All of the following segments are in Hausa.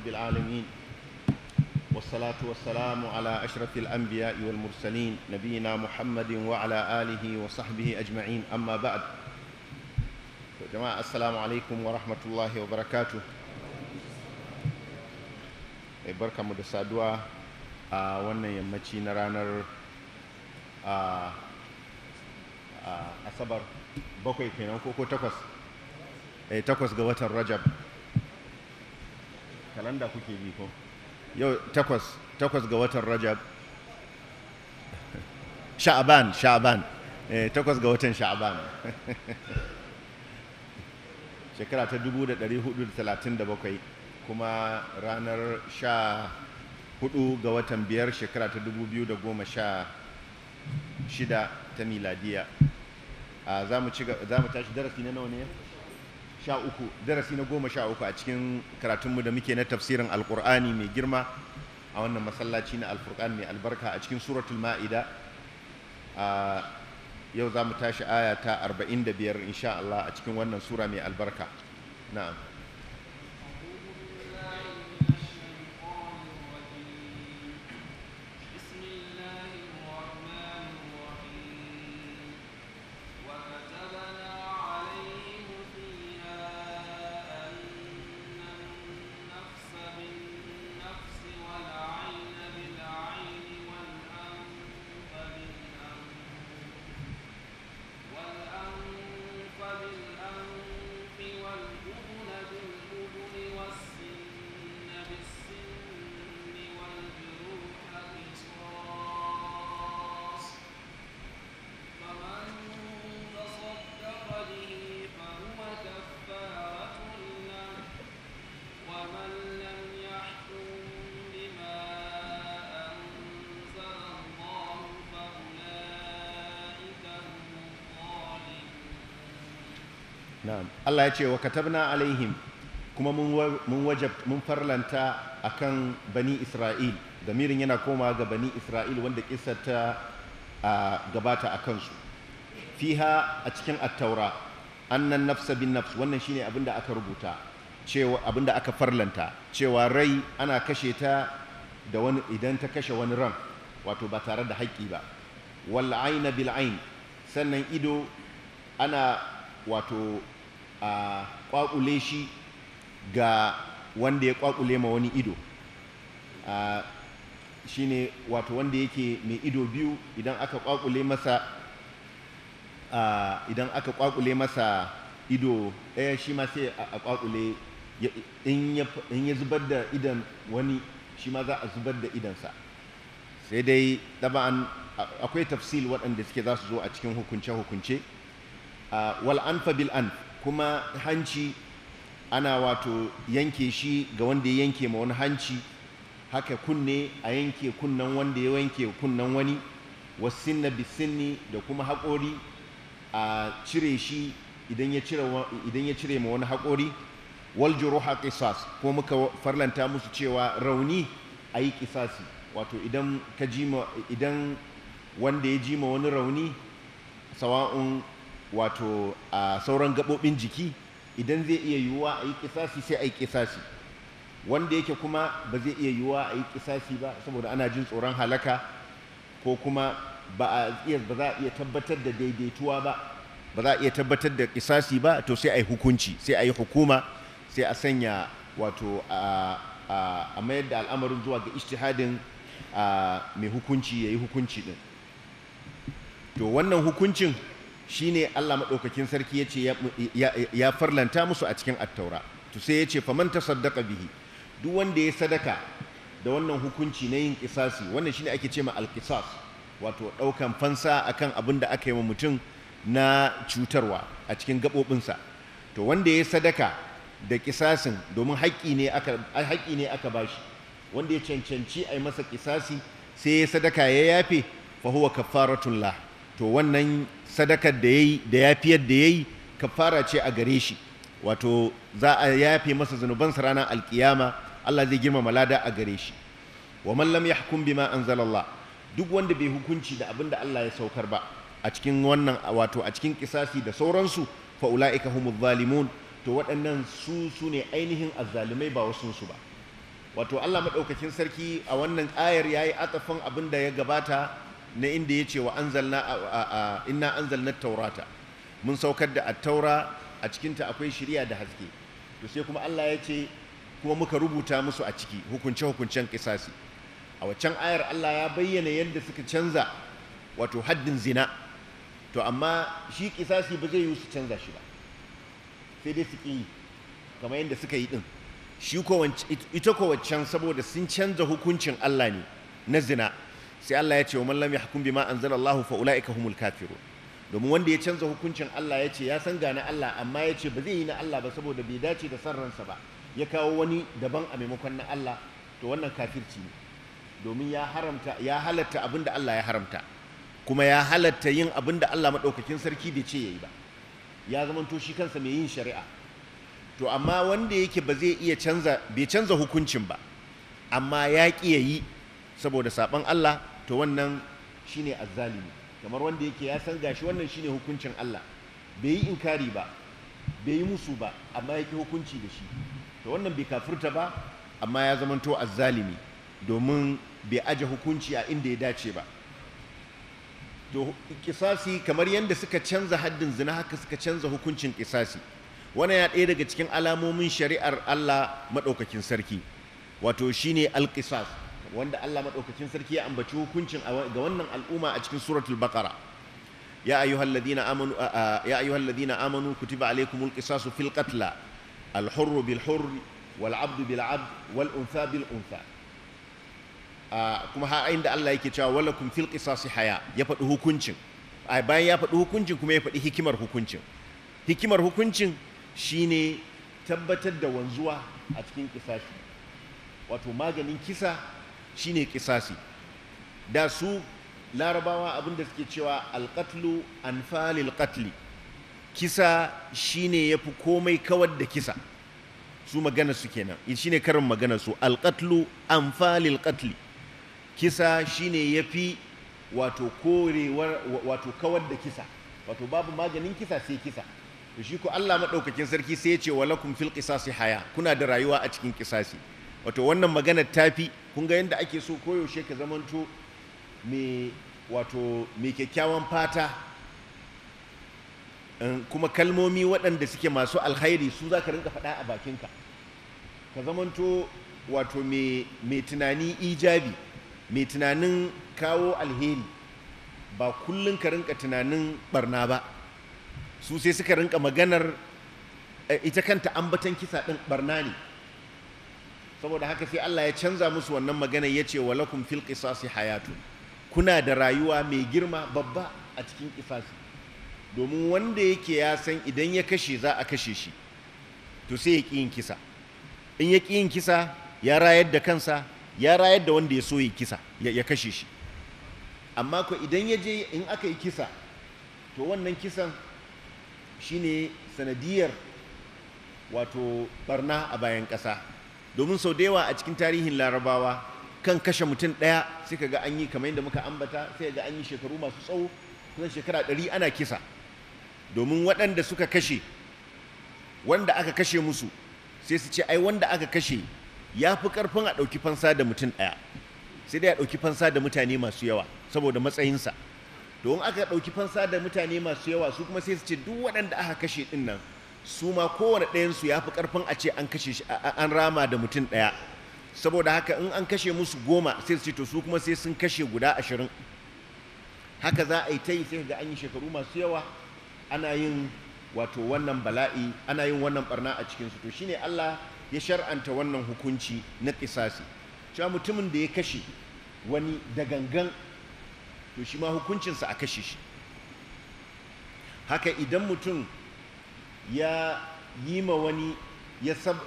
رب العالمين والصلاة والسلام على أشرف الأنبياء والمرسلين نبينا محمد وعلى آله وصحبه أجمعين أما بعد جماعة السلام عليكم ورحمة الله وبركاته بركة مدسادوا وانا يمتشي نرانر أصبر bakwai kenan ko ko takwas takwas ga watan rajab kalanda kuke bi ko yau takwas takwas ga watan rajab sha'aban sha'aban eh, takwas ga watan sha'aban shekara ta 1437 kuma ranar sha hudu ga watan biyar shekara ta 2016 ta miladiya ah, za mu tashi darasi na nawa ne sha darasi na goma sha uku a cikin karatunmu da muke na tafsirin alkur'ani mai girma a wannan masallaci na alfurkan mai albarka a cikin suratul ma'ida a yau za mu tashi aya ta 45 insha Allah a cikin wannan sura mai albarka na'am Allah ya ce wa katabna alaihim kuma mun wajab mun farlanta akan bani Isra'il damirin yana koma ga bani Isra'il wanda kissa ta gabata a kansu fiha a cikin attaura annan nafsa bin nafs wannan shine abin da aka rubuta cewa abin da aka farlanta cewa rai ana kashe ta da wani idan ta kashe wani ran wato ba tare da haƙƙi ba wal aina bil ain sannan ido ana wato a kwakule shi ga wanda ya kwakule ma wani ido shi ne wato wanda yake mai ido biyu idan aka kwakule masa idan aka kwakule masa ido ɗaya shi ma sai a kwakule in ya zubar da idan wani shi ma za a zubar da idansa sai dai ɗaba'an akwai tafsil waɗanda suke za su zo a cikin hukunce-hukunce wal'anfa bil'anfa kuma hanci ana wato yanke shi ga wanda ya yanke ma wani hanci haka kunne a yanke kunnan wanda ya yanke kunnan wani wasinna bisinni da kuma haƙori a cire shi idan ya cire ma wani haƙori wal haƙisas ko muka farlanta musu cewa rauni a yi ƙisasi wato idan ka ma idan wanda ya ji ma wani rauni sawa'un wato a sauran gaɓoɓin jiki idan zai iya yiwuwa a yi kisasi sai a yi kisasi wanda yake kuma ba zai iya yiwuwa a yi kisasi ba saboda ana jin tsoron halaka ko kuma ba a iya ba za a iya tabbatar da daidaituwa ba ba za a iya tabbatar da ƙisasi ba to sai a yi hukunci sai a yi hukuma sai a sanya wato a mayar da al'amarin zuwa ga ishtihadin mai hukunci ya yi hukunci din to wannan hukuncin Shi ne Allah maɗaukakin sarki ya ce ya farlanta musu a cikin attaura to sai ya ce faman saddaka bihi duk wanda ya sadaka da wannan hukunci na yin kisasi wannan shi ne ake ce ma alkisas wato ɗaukan fansa akan abin da aka yi wa mutum na cutarwa a cikin gaɓoɓinsa to wanda ya sadaka da kisasin domin haƙƙi ne aka ba shi bashi wanda ya cancanci a yi masa kisasi sai ya sadaka ya yafe fa huwa kafaratun to wannan sadakar da ya yayi da yafiyar da yayi kafara ce a gare shi wato za a yafe masa zunubansa ranar alkiyama Allah zai girmama lada a gare shi wa man lam yahkum bima anzalallah duk wanda bai hukunci da abin da Allah ya saukar ba a cikin wannan wato a cikin kisasi da sauransu fa ulaika humuz zalimun to waɗannan su su ne ainihin azzalumai ba wasu su ba wato Allah maɗaukacin sarki a wannan ayar yayi atafin abin da ya gabata na inda ya ce wa anzalna inna anzalna taurata mun saukar da attaura a cikinta akwai shirya da haske to sai kuma Allah ya ce kuma muka rubuta musu a ciki hukunce hukuncen kisasi a waccan ayar Allah ya bayyana yadda suka canza wato haddin zina to amma shi kisasi ba zai yi su canza shi ba sai dai su ki kamar yadda suka yi din shi ko ita ko waccan saboda sun canza hukuncin Allah ne na zina sai Allah ya ce wa mallam ya hukum bima Allah fa ulaika humul kafiru domin wanda ya canza hukuncin Allah ya ce ya san gane Allah amma ya ce ba zai yi na Allah ba saboda bai dace da san ransa ba ya kawo wani daban a maimakon na Allah to wannan kafirci ne domin ya haramta ya halatta abin da Allah ya haramta kuma ya halatta yin abin da Allah madaukakin sarki bai ce yayi ba ya zamanto shi kansa mai yin shari'a to amma wanda yake ba zai iya canza bai canza hukuncin ba amma ya ƙi yayi saboda sabon Allah to wannan shine azzalimi kamar wanda yake ya san gashi wannan shine hukuncin Allah bai yi inkari ba bai yi musu ba amma yake hukunci da shi to wannan bai kafirta ba amma ya zamanto azzalimi domin bai aje hukunci a inda ya dace ba to kisasi kamar yadda suka canza haddin zina haka suka canza hukuncin kisasi wannan ya ɗaya daga cikin alamomin shari'ar Allah maɗaukakin sarki wato shine alƙisas wanda Allah madaukakin sarki ya ambaci hukuncin ga wannan al'umma a cikin suratul baqara ya ayyuhal ladina amanu ya ladina amanu kutiba alaykumul qisasu fil qatl al hurr bil hurr wal 'abdu bil 'abd wal untha bil untha kuma har inda Allah yake cewa walakum fil qisasi haya ya faɗi hukuncin bayan ya faɗi hukuncin kuma ya faɗi hikimar hukuncin hikimar hukuncin shine tabbatar da wanzuwa a cikin kisashi wato maganin kisa shine kisasi da su larabawa abinda suke cewa alƙatlu an falil katli kisa shine ya fi komai kawar da kisa su magana su kenan shine karin magana su alƙatlu an falil katli kisa shine ya fi wato korewar wato kawar da kisa wato babu maganin kisa sai kisa to shi ko Allah maɗaukakin sarki sai ya ce walakum fil qisasi haya kuna da rayuwa a cikin kisasi wato wannan magana tafi kun ga yadda ake so koyaushe ka zamanto mai kyakkyawan fata eh, kuma kalmomi waɗanda suke masu alkhairi su za ka rinka faɗa a bakinka ka zamanto wato mai tunani ijabi mai tunanin kawo alheri ba kullum ka rinka tunanin barna ba su sai suka rinka maganar eh, ita kanta ambatan kisa ɗin barna ne saboda haka sai Allah ya canza musu wannan magana ya ce wa lakum fil qisasi hayatu kuna da rayuwa mai girma babba a cikin qisasi domin wanda yake ya san idan ya kashe za a kashe shi to sai ya yin kisa in ya yin kisa ya rayar da kansa ya rayar da wanda ya so ya kisa ya kashe shi amma ko idan ya je in aka yi kisa to wannan kisan shine sanadiyar wato barna a bayan ƙasa domin sau da yawa a cikin tarihin larabawa kan kashe mutum ɗaya sai ka ga an yi kamar yadda muka ambata sai ga an yi shekaru masu tsawo kusan shekara ɗari ana kisa domin waɗanda suka kashe wanda aka kashe musu sai su ce ai wanda aka kashe ya fi ƙarfin a ɗauki fansa da mutum ɗaya sai dai a ɗauki fansa da mutane masu yawa saboda matsayinsa domin aka ɗauki fansa da mutane masu yawa su kuma sai su ce duk waɗanda aka kashe ɗin nan su ma kowane ɗayansu ya fi ƙarfin a ce an kashe shi an rama da mutum ɗaya saboda haka in an kashe musu goma sai su to su kuma sai sun kashe guda ashirin haka za a yi ta yi sai ga an yi shekaru masu yawa ana yin wato wannan bala'i ana yin wannan barna a cikinsu to shine Allah ya shar'anta wannan hukunci na kisasi cewa mutumin da ya kashe wani da gangan to shi ma hukuncinsa a kashe shi haka idan mutum ya yi ma wani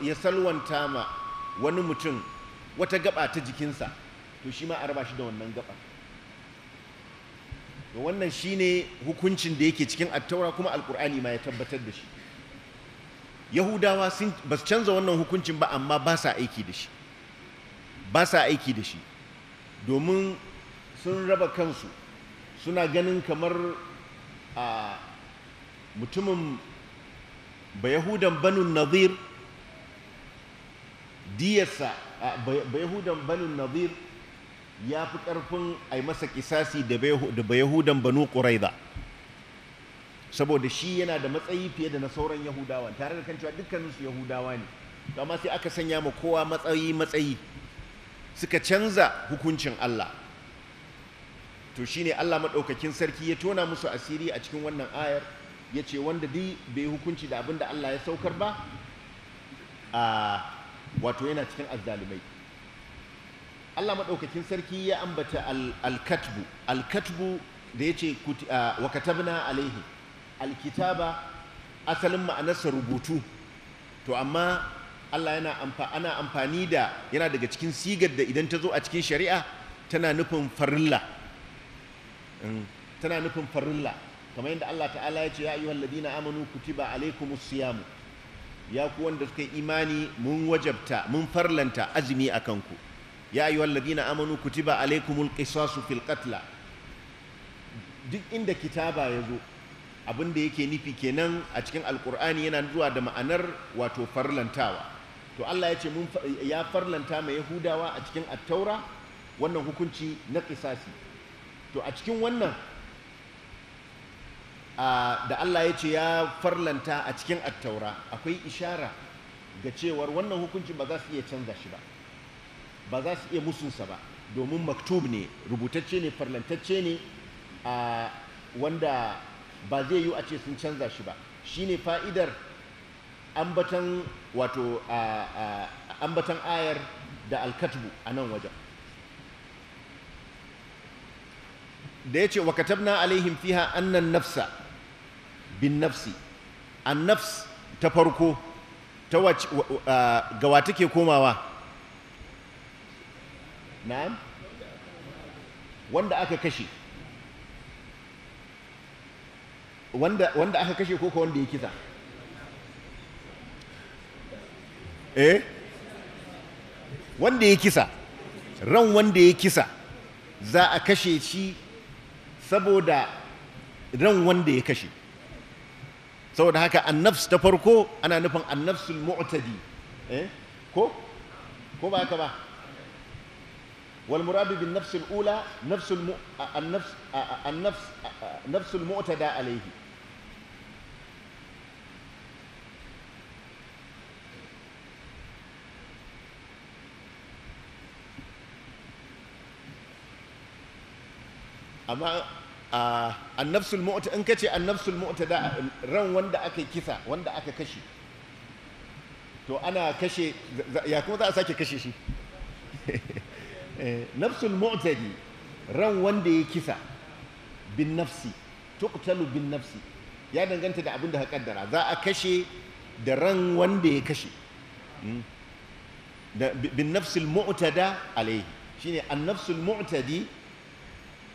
ya salwanta ma wani mutum wata gaba ta jikinsa to shi ma a raba shi da wannan gaba to wannan shi ne hukuncin da yake cikin attaura kuma alkur'ani ma ya tabbatar da shi yahudawa ba su canza wannan hukuncin ba amma ba sa aiki da shi ba sa aiki da shi domin sun raba kansu suna ganin kamar a mutumin ba yahudan banun nazir diyarsa ba yahudan banun nazir ya fi ƙarfin a masa kisasi da ba yahudan banu ƙuraiza saboda shi yana da matsayi fiye da na sauran yahudawa tare da kan cewa dukkaninsu yahudawa ne amma sai aka sanya ma kowa matsayi matsayi suka canza hukuncin Allah to shine Allah maɗaukakin sarki ya tona musu asiri a cikin wannan ayar ya ce wanda dai bai hukunci da abin da Allah ya saukar ba a wato yana cikin azzalumai Allah maɗaukakin sarki ya ambata Al-Khatibu. al alkatbu da ya ce wa katabna alaihi alkitaba asalin ma'anarsa rubutu to amma Allah yana ana amfani da yana daga cikin sigar da idan ta zo a cikin shari'a tana nufin farilla mm, tana nufin farilla kamar yadda Allah ta'ala ya ce ya ayyuhal ladina amanu kutiba alaikumus siyam ya ku wanda suka imani mun wajabta mun farlanta azumi akan ku ya ayyuhal ladina amanu kutiba alaikumul qisasu fil qatla duk inda kitaba ya zo abin da yake nufi kenan a cikin alkur'ani yana zuwa da ma'anar wato farlantawa to Allah ya ce mun ya farlanta mai yahudawa a cikin attaura wannan hukunci na qisasi to a cikin wannan da Allah ya ce ya farlanta a cikin attaura akwai ishara ga cewar wannan hukunci ba za su iya canza shi ba ba za su iya musunsa ba domin maktub ne rubutacce ne farlantacce ne wanda ba zai yi a ce sun canza shi ba Shi ne fa'idar ambatan wato ambatan ayar da alkatbu a nan wajen da ya ce wa katabna alaihim fiha annan nafsa bin nafsi an nafs ta farko ta wace gawa take komawa na'am wanda aka kashe wanda, wanda aka kashe ko wanda ya kisa eh wanda ya kisa ran wanda ya kisa za a kashe shi saboda ran wanda ya kashe saboda haka annafs ta farko ana nufin annafsul mu'tadi eh ko ko ba haka ba wal muradu bin nafsul ula nafsul annafs annafs nafsul mu'tada alayhi amma a annafsul mu'ta in kace annafsul mu'tada ran wanda aka kisa wanda aka kashe to ana kashe ya kuma za a sake kashe shi eh, nafsul mu'tadi ran wanda ya kisa bin nafsi tuqtalu bin nafsi ya danganta da abin da ka kaddara za a kashe da ran wanda ya kashe hmm? da bin nafsul mu'tada alaihi shine annafsul nafsul mu'tadi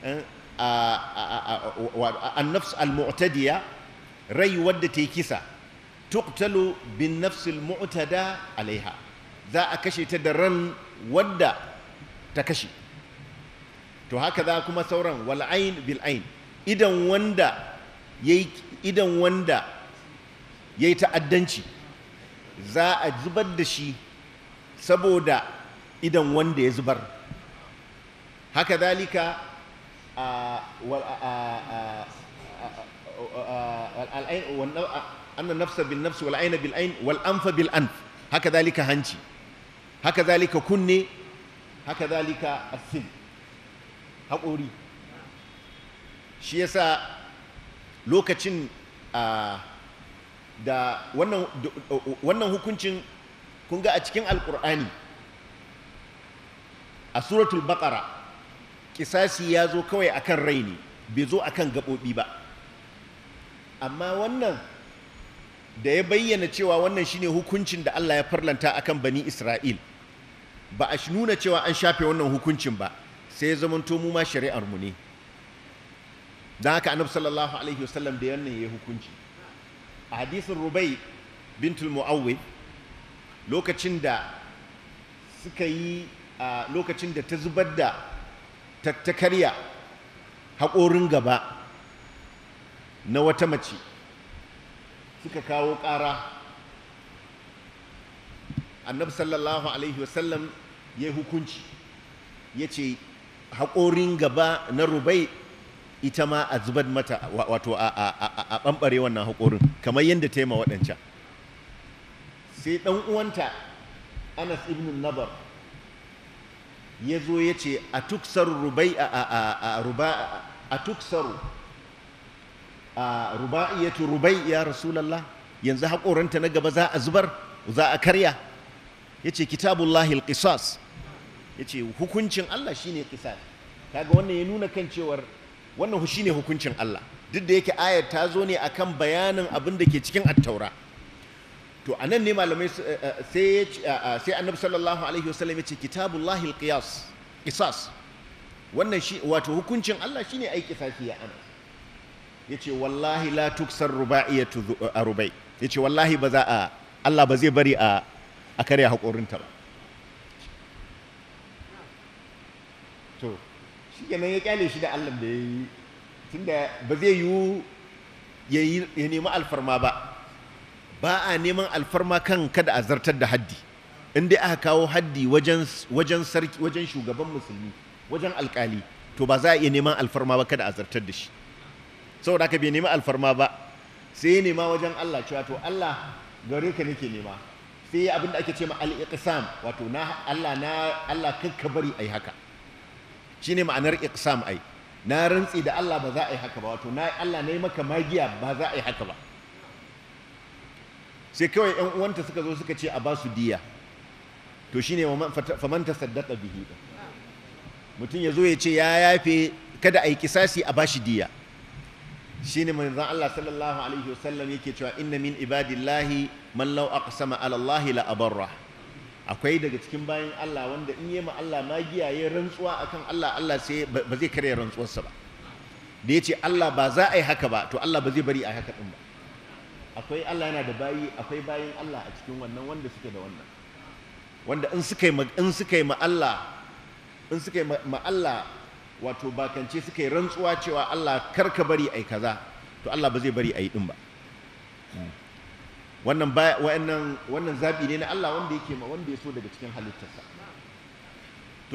eh, annafs al-mu'tadiya rai wadda ta yi kisa tuqtalu bin nafs al alaiha za a kashe ta da ran wadda ta kashe to haka za kuma sauran wal bil'ain bil ain idan wanda yayi idan ta'addanci za a zubar da shi saboda idan wanda ya zubar haka zalika أن النفس بالنفس والعين بالعين والأنف بالأنف هكذا هنجي هكذا كني هكذا السن haƙori shi yasa lokacin da wannan hukuncin kun ga a cikin alƙur'ani a suratul baƙara kisasi ya zo kawai akan rai ne bai zo akan gaɓoɓi ba amma wannan da ya bayyana cewa wannan shine hukuncin da Allah ya farlanta a kan bani Isra'il ba a nuna cewa an shafe wannan hukuncin ba sai ya zamanto mu ma shari'ar mu ne don haka annabi sallallahu alaihi wasallam da yannan ya yi hukunci a hadisin Rubai bintul mu'awwi lokacin da suka yi a lokacin da ta zubar da ta karya haƙorin gaba na wata mace suka kawo ƙara annabi sallallahu alaihi wasallam ya yi hukunci ya ce haƙorin gaba na rubai ita ma a zubar mata wato a ɓamɓare wannan haƙorin kamar yadda ta yi ma waɗancan sai ɗan uwanta anas ibn nabar ya zo ya ce a tuksar rubai a tuksar a tuksaru a rubai ya rasulallah yanzu haƙoranta na gaba za a zubar za a karya ya ce kitabullahi alƙisas ya ce hukuncin Allah shi ne ƙisas kaga wannan ya nuna kan cewar wannan shi ne hukuncin Allah duk da yake ayar ta zo ne akan bayanin abin da ke cikin attaura to a nan ne malamai eh, eh, eh, sai annabi sallallahu alaihi wasallam ya ce kitabullahi alqiyas qisas wannan shi wato hukuncin Allah shine ai qisasi ya ana yace wallahi la tuksar rubaiyatu rubai yace wallahi ba za a Allah ba zai bari a a kare hakorinta ba to shi kenan ya kyale shi da Allah da yayi tunda ba zai yiwu ya nemi alfarma ba ba a neman alfarma kan kada a zartar da haddi in dai aka kawo haddi wajen wajen sarki wajen shugaban musulmi wajen alkali to ba za a iya neman alfarma ba kada a zartar da shi saboda haka bai neman alfarma ba sai ya nema wajen Allah cewa to Allah gare ka nake nema sai ya abin da ake ce ma al-iqsam wato na Allah na Allah ka bari ai haka shine ma'anar iqsam ai na rantsi da Allah ba za a yi haka ba wato na Allah na yi maka magiya ba za a yi haka ba sai kawai yan uwanta suka zo suka ce a ba su diya to shine faman saddaka bihi mutum ya zo ya ce ya yafe kada a yi kisasi a bashi diya shine zan Allah sallallahu alaihi wasallam yake cewa inna min ibadillahi man law aqsama ala Allah la abarra akwai daga cikin bayan Allah wanda in yi ma Allah magiya ya rantsuwa akan Allah Allah sai ba zai kare rantsuwarsa ba da ya ce Allah ba za a yi haka ba to Allah ba zai bari a haka din ba akwai Allah yana da bayi akwai bayin Allah a cikin wannan wanda suke da wannan wanda in suka yi in suka yi ma Allah in suka yi ma Allah wato bakance suka yi rantsuwa cewa Allah karka bari ai kaza to Allah ba zai bari ai din ba wannan wa'annan wannan zabi ne na Allah wanda yake ma wanda ya so daga cikin halittarsa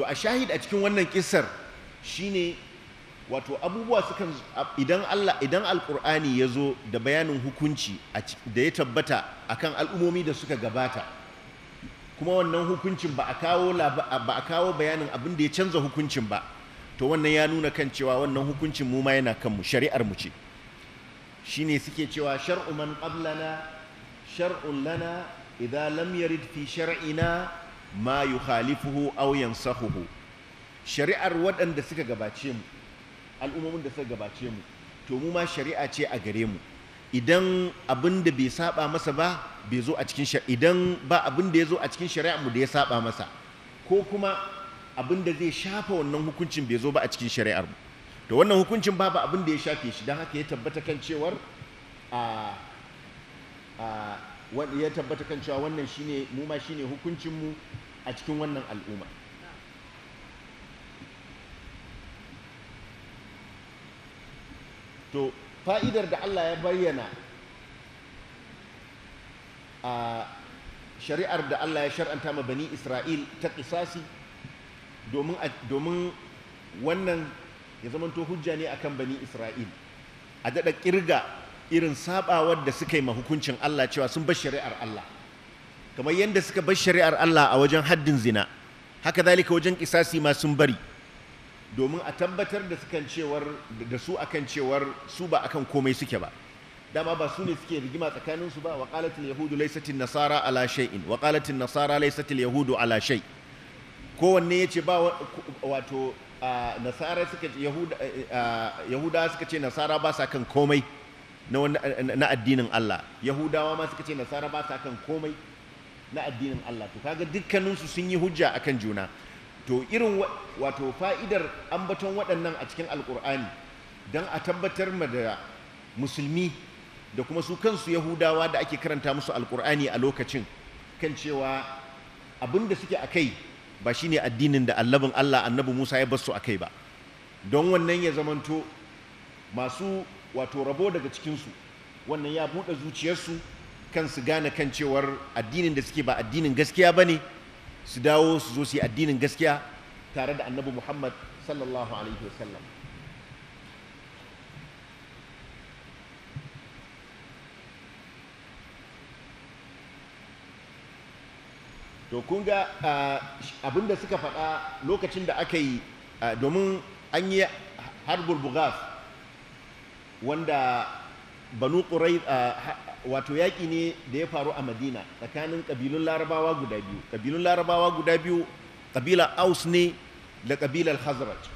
to a shahid a cikin wannan kissar shine wato abubuwa sukan idan Allah idan alkur'ani ya zo da bayanin hukunci da ya tabbata akan al'umomi da suka gabata kuma wannan hukuncin ba a kawo bayanin abin da ya canza hukuncin ba to wannan ya nuna kan cewa wannan hukuncin mu ma yana kanmu shari'ar mu ce shine suke cewa shar'u man qablana shar'un lana idza lam yarid fi shar'ina ma yukhalifuhu aw yansahuhu shari'ar waɗanda suka gabace mu al'ummomin da suka gabace mu to mu ma shari'a ce a gare mu idan abin da bai saba masa ba bai zo a cikin shari'a idan ba abin da ya zo a cikin shari'a mu da ya saba masa ko kuma abin da zai shafa wannan hukuncin bai zo ba a cikin shari'ar mu to wannan hukuncin babu abin da ya shafe shi don haka ya tabbata kan cewar a ya tabbata kan cewa wannan shine mu ma shine hukuncin mu a cikin wannan al'umma to fa'idar da Allah ya bayyana a shari'ar da Allah ya shar'anta ma bani Isra'il ta ƙisasi domin wannan ya zamanto hujja ne akan bani Isra'il a daɗa ƙirga irin sabawar da suka yi ma hukuncin Allah cewa sun bar shari'ar Allah kamar yadda suka bar shari'ar Allah a wajen haddin zina haka zalika wajen ƙisasi ma sun bari domin a tabbatar da su kan cewar da su akan cewar su ba akan komai suke ba dama ba su ne suke rigima tsakanin su ba wa qalatil yahudu laisatin nasara ala shay'in wa qalatin nasara laysatil yahudu ala shay kowanne yace ba wato nasara suka yahuda yahuda suka ce nasara ba sa kan komai na addinin Allah yahudawa ma suka ce nasara ba sa kan komai na addinin Allah to kaga dukkaninsu sun yi hujja akan juna to irin wato fa'idar ambaton waɗannan a cikin alkur'ani don a tabbatar ma da musulmi da kuma su kansu yahudawa da ake karanta musu alkur'ani a lokacin kan cewa abin da suke a kai ba shi ne addinin da allabin allah annabi musa ya basu a kai ba don wannan ya zamanto masu wato rabo daga cikinsu wannan ya buɗe zuciyarsu kan su gane kan cewar addinin da suke ba addinin gaskiya ba ne su dawo su zo su yi addinin gaskiya tare da annabi muhammad sallallahu alaihi wasallam to kun ga abinda suka faɗa lokacin da aka yi domin an yi harbul bugas wanda banu ƙurai wato yaƙi ne da ya faru a madina tsakanin ƙabilun larabawa guda biyu ƙabilun larabawa guda biyu ƙabilar aus ne da ƙabilar hazrat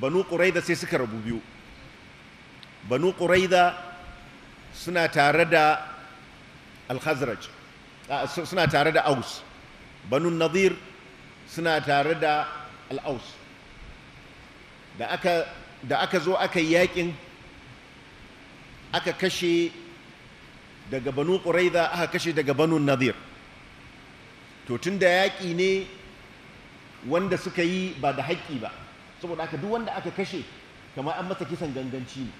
banu ƙuraida sai suka rabu biyu banu ƙuraida suna tare da alhazrat suna tare da aus banu nazir suna tare da al'aus da aka zo aka yi yaƙin aka kashe daga banu ƙuraiza aka kashe daga banu nazir to tun da yaƙi ne wanda suka yi ba da haƙƙi ba saboda aka duk wanda aka kashe kamar an masa kisan ganganci ne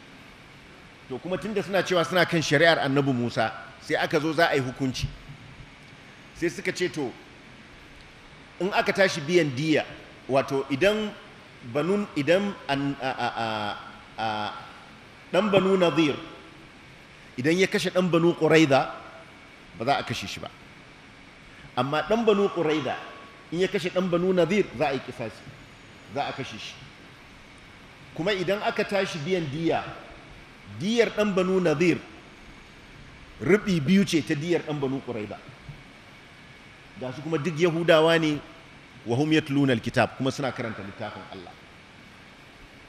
to kuma tun da suna cewa suna kan shari'ar annabi musa sai aka zo za a yi hukunci sai suka ce to in aka tashi biyan diya wato idan banun idan dan banu nazir idan ya kashe ɗan banu ƙuraida, ba za a kashe shi ba amma ɗan banu ƙuraida, in ya kashe ɗan banu nazir za a yi kisasi za a kashe shi kuma idan aka tashi biyan diya diyar ɗan banu nazir rubi biyu ce ta diyar ɗan banu ƙuraida. ga su kuma duk yahudawa ne wa hum yatluna alkitab kuma suna karanta littafin Allah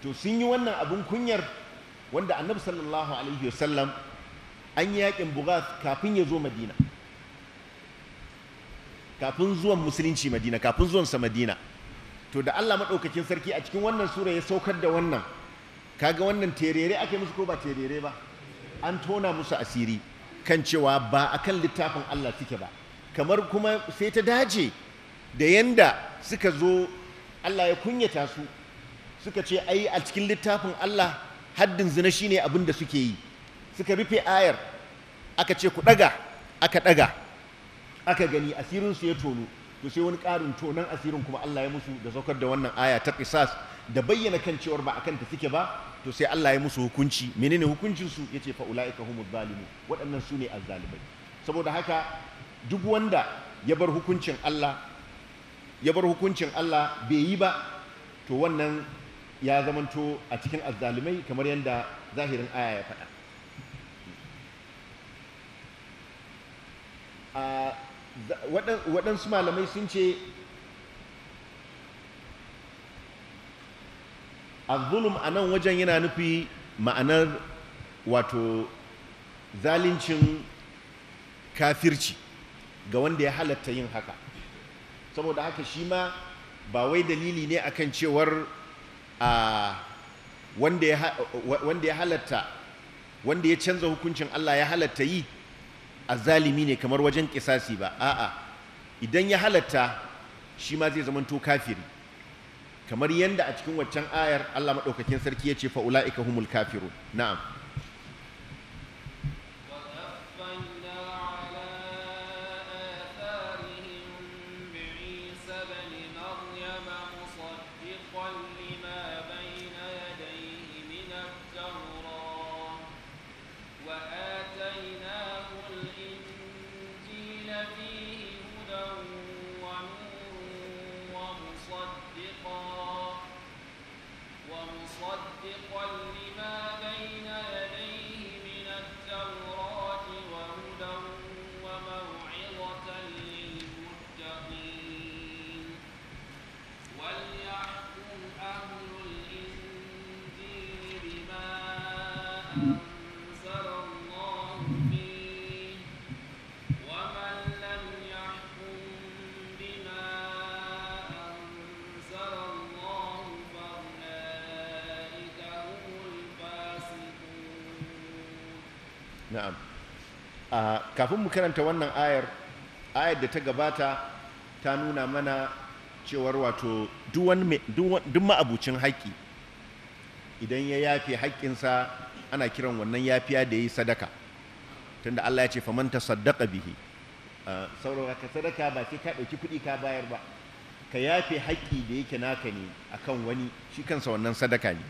to sun yi wannan abun kunyar wanda annabi sallallahu alaihi wasallam an yi yakin buga kafin ya zo madina kafin zuwan musulunci madina kafin zuwansa madina to da allah maɗaukakin sarki a cikin wannan sura ya saukar da wannan kaga wannan terere ake musu ko ba terere ba an tona musu asiri kan cewa ba a kan littafin allah suke ba kamar kuma sai ta dace da yanda suka zo allah ya kunyata su suka ce ai a cikin littafin allah haddin zina shine abin da suke yi suka rufe ayar aka ce ku ɗaga aka ɗaga aka gani asirin su ya tonu to sai wani ƙarin tonan asirin kuma Allah ya musu da saukar da wannan aya ta qisas da bayyana kan cewar ba akan ta suke ba to sai Allah ya musu hukunci menene hukuncin su yace fa ulaika humuz zalimu waɗannan su ne azzalibai saboda haka duk wanda ya bar hukuncin Allah ya bar hukuncin Allah bai yi ba to wannan ya zamanto a cikin azzalimai kamar yadda zahirin aya ya faɗa waɗansu malamai sun ce a zulum a nan wajen yana nufi ma'anar wato zalincin kafirci ga wanda ya halatta yin haka saboda haka shi ma ba wai dalili ne akan cewar a wanda ya halatta wanda ya canza hukuncin Allah ya halatta yi azalimi ne kamar wajen kisasi ba a'a idan ya halatta shi ma zai zamanto kafiri kamar yadda a cikin waccan ayar Allah maɗaukakin sarki ya ce fa ula'ika humul kafiru na'am karanta wannan ayar ayar da ta gabata ta nuna mana cewar wato duk ma'abucin haƙƙi idan ya yafe haƙƙinsa ana kiran wannan yafiya da ya yi sadaka tunda Allah ya ce faman sadaka bihi ah, saurara ka sadaka ba sai ka ɗauki kuɗi ka bayar ba ka yafe haƙƙi da yake naka ne akan wani shi kansa wannan sadaka ne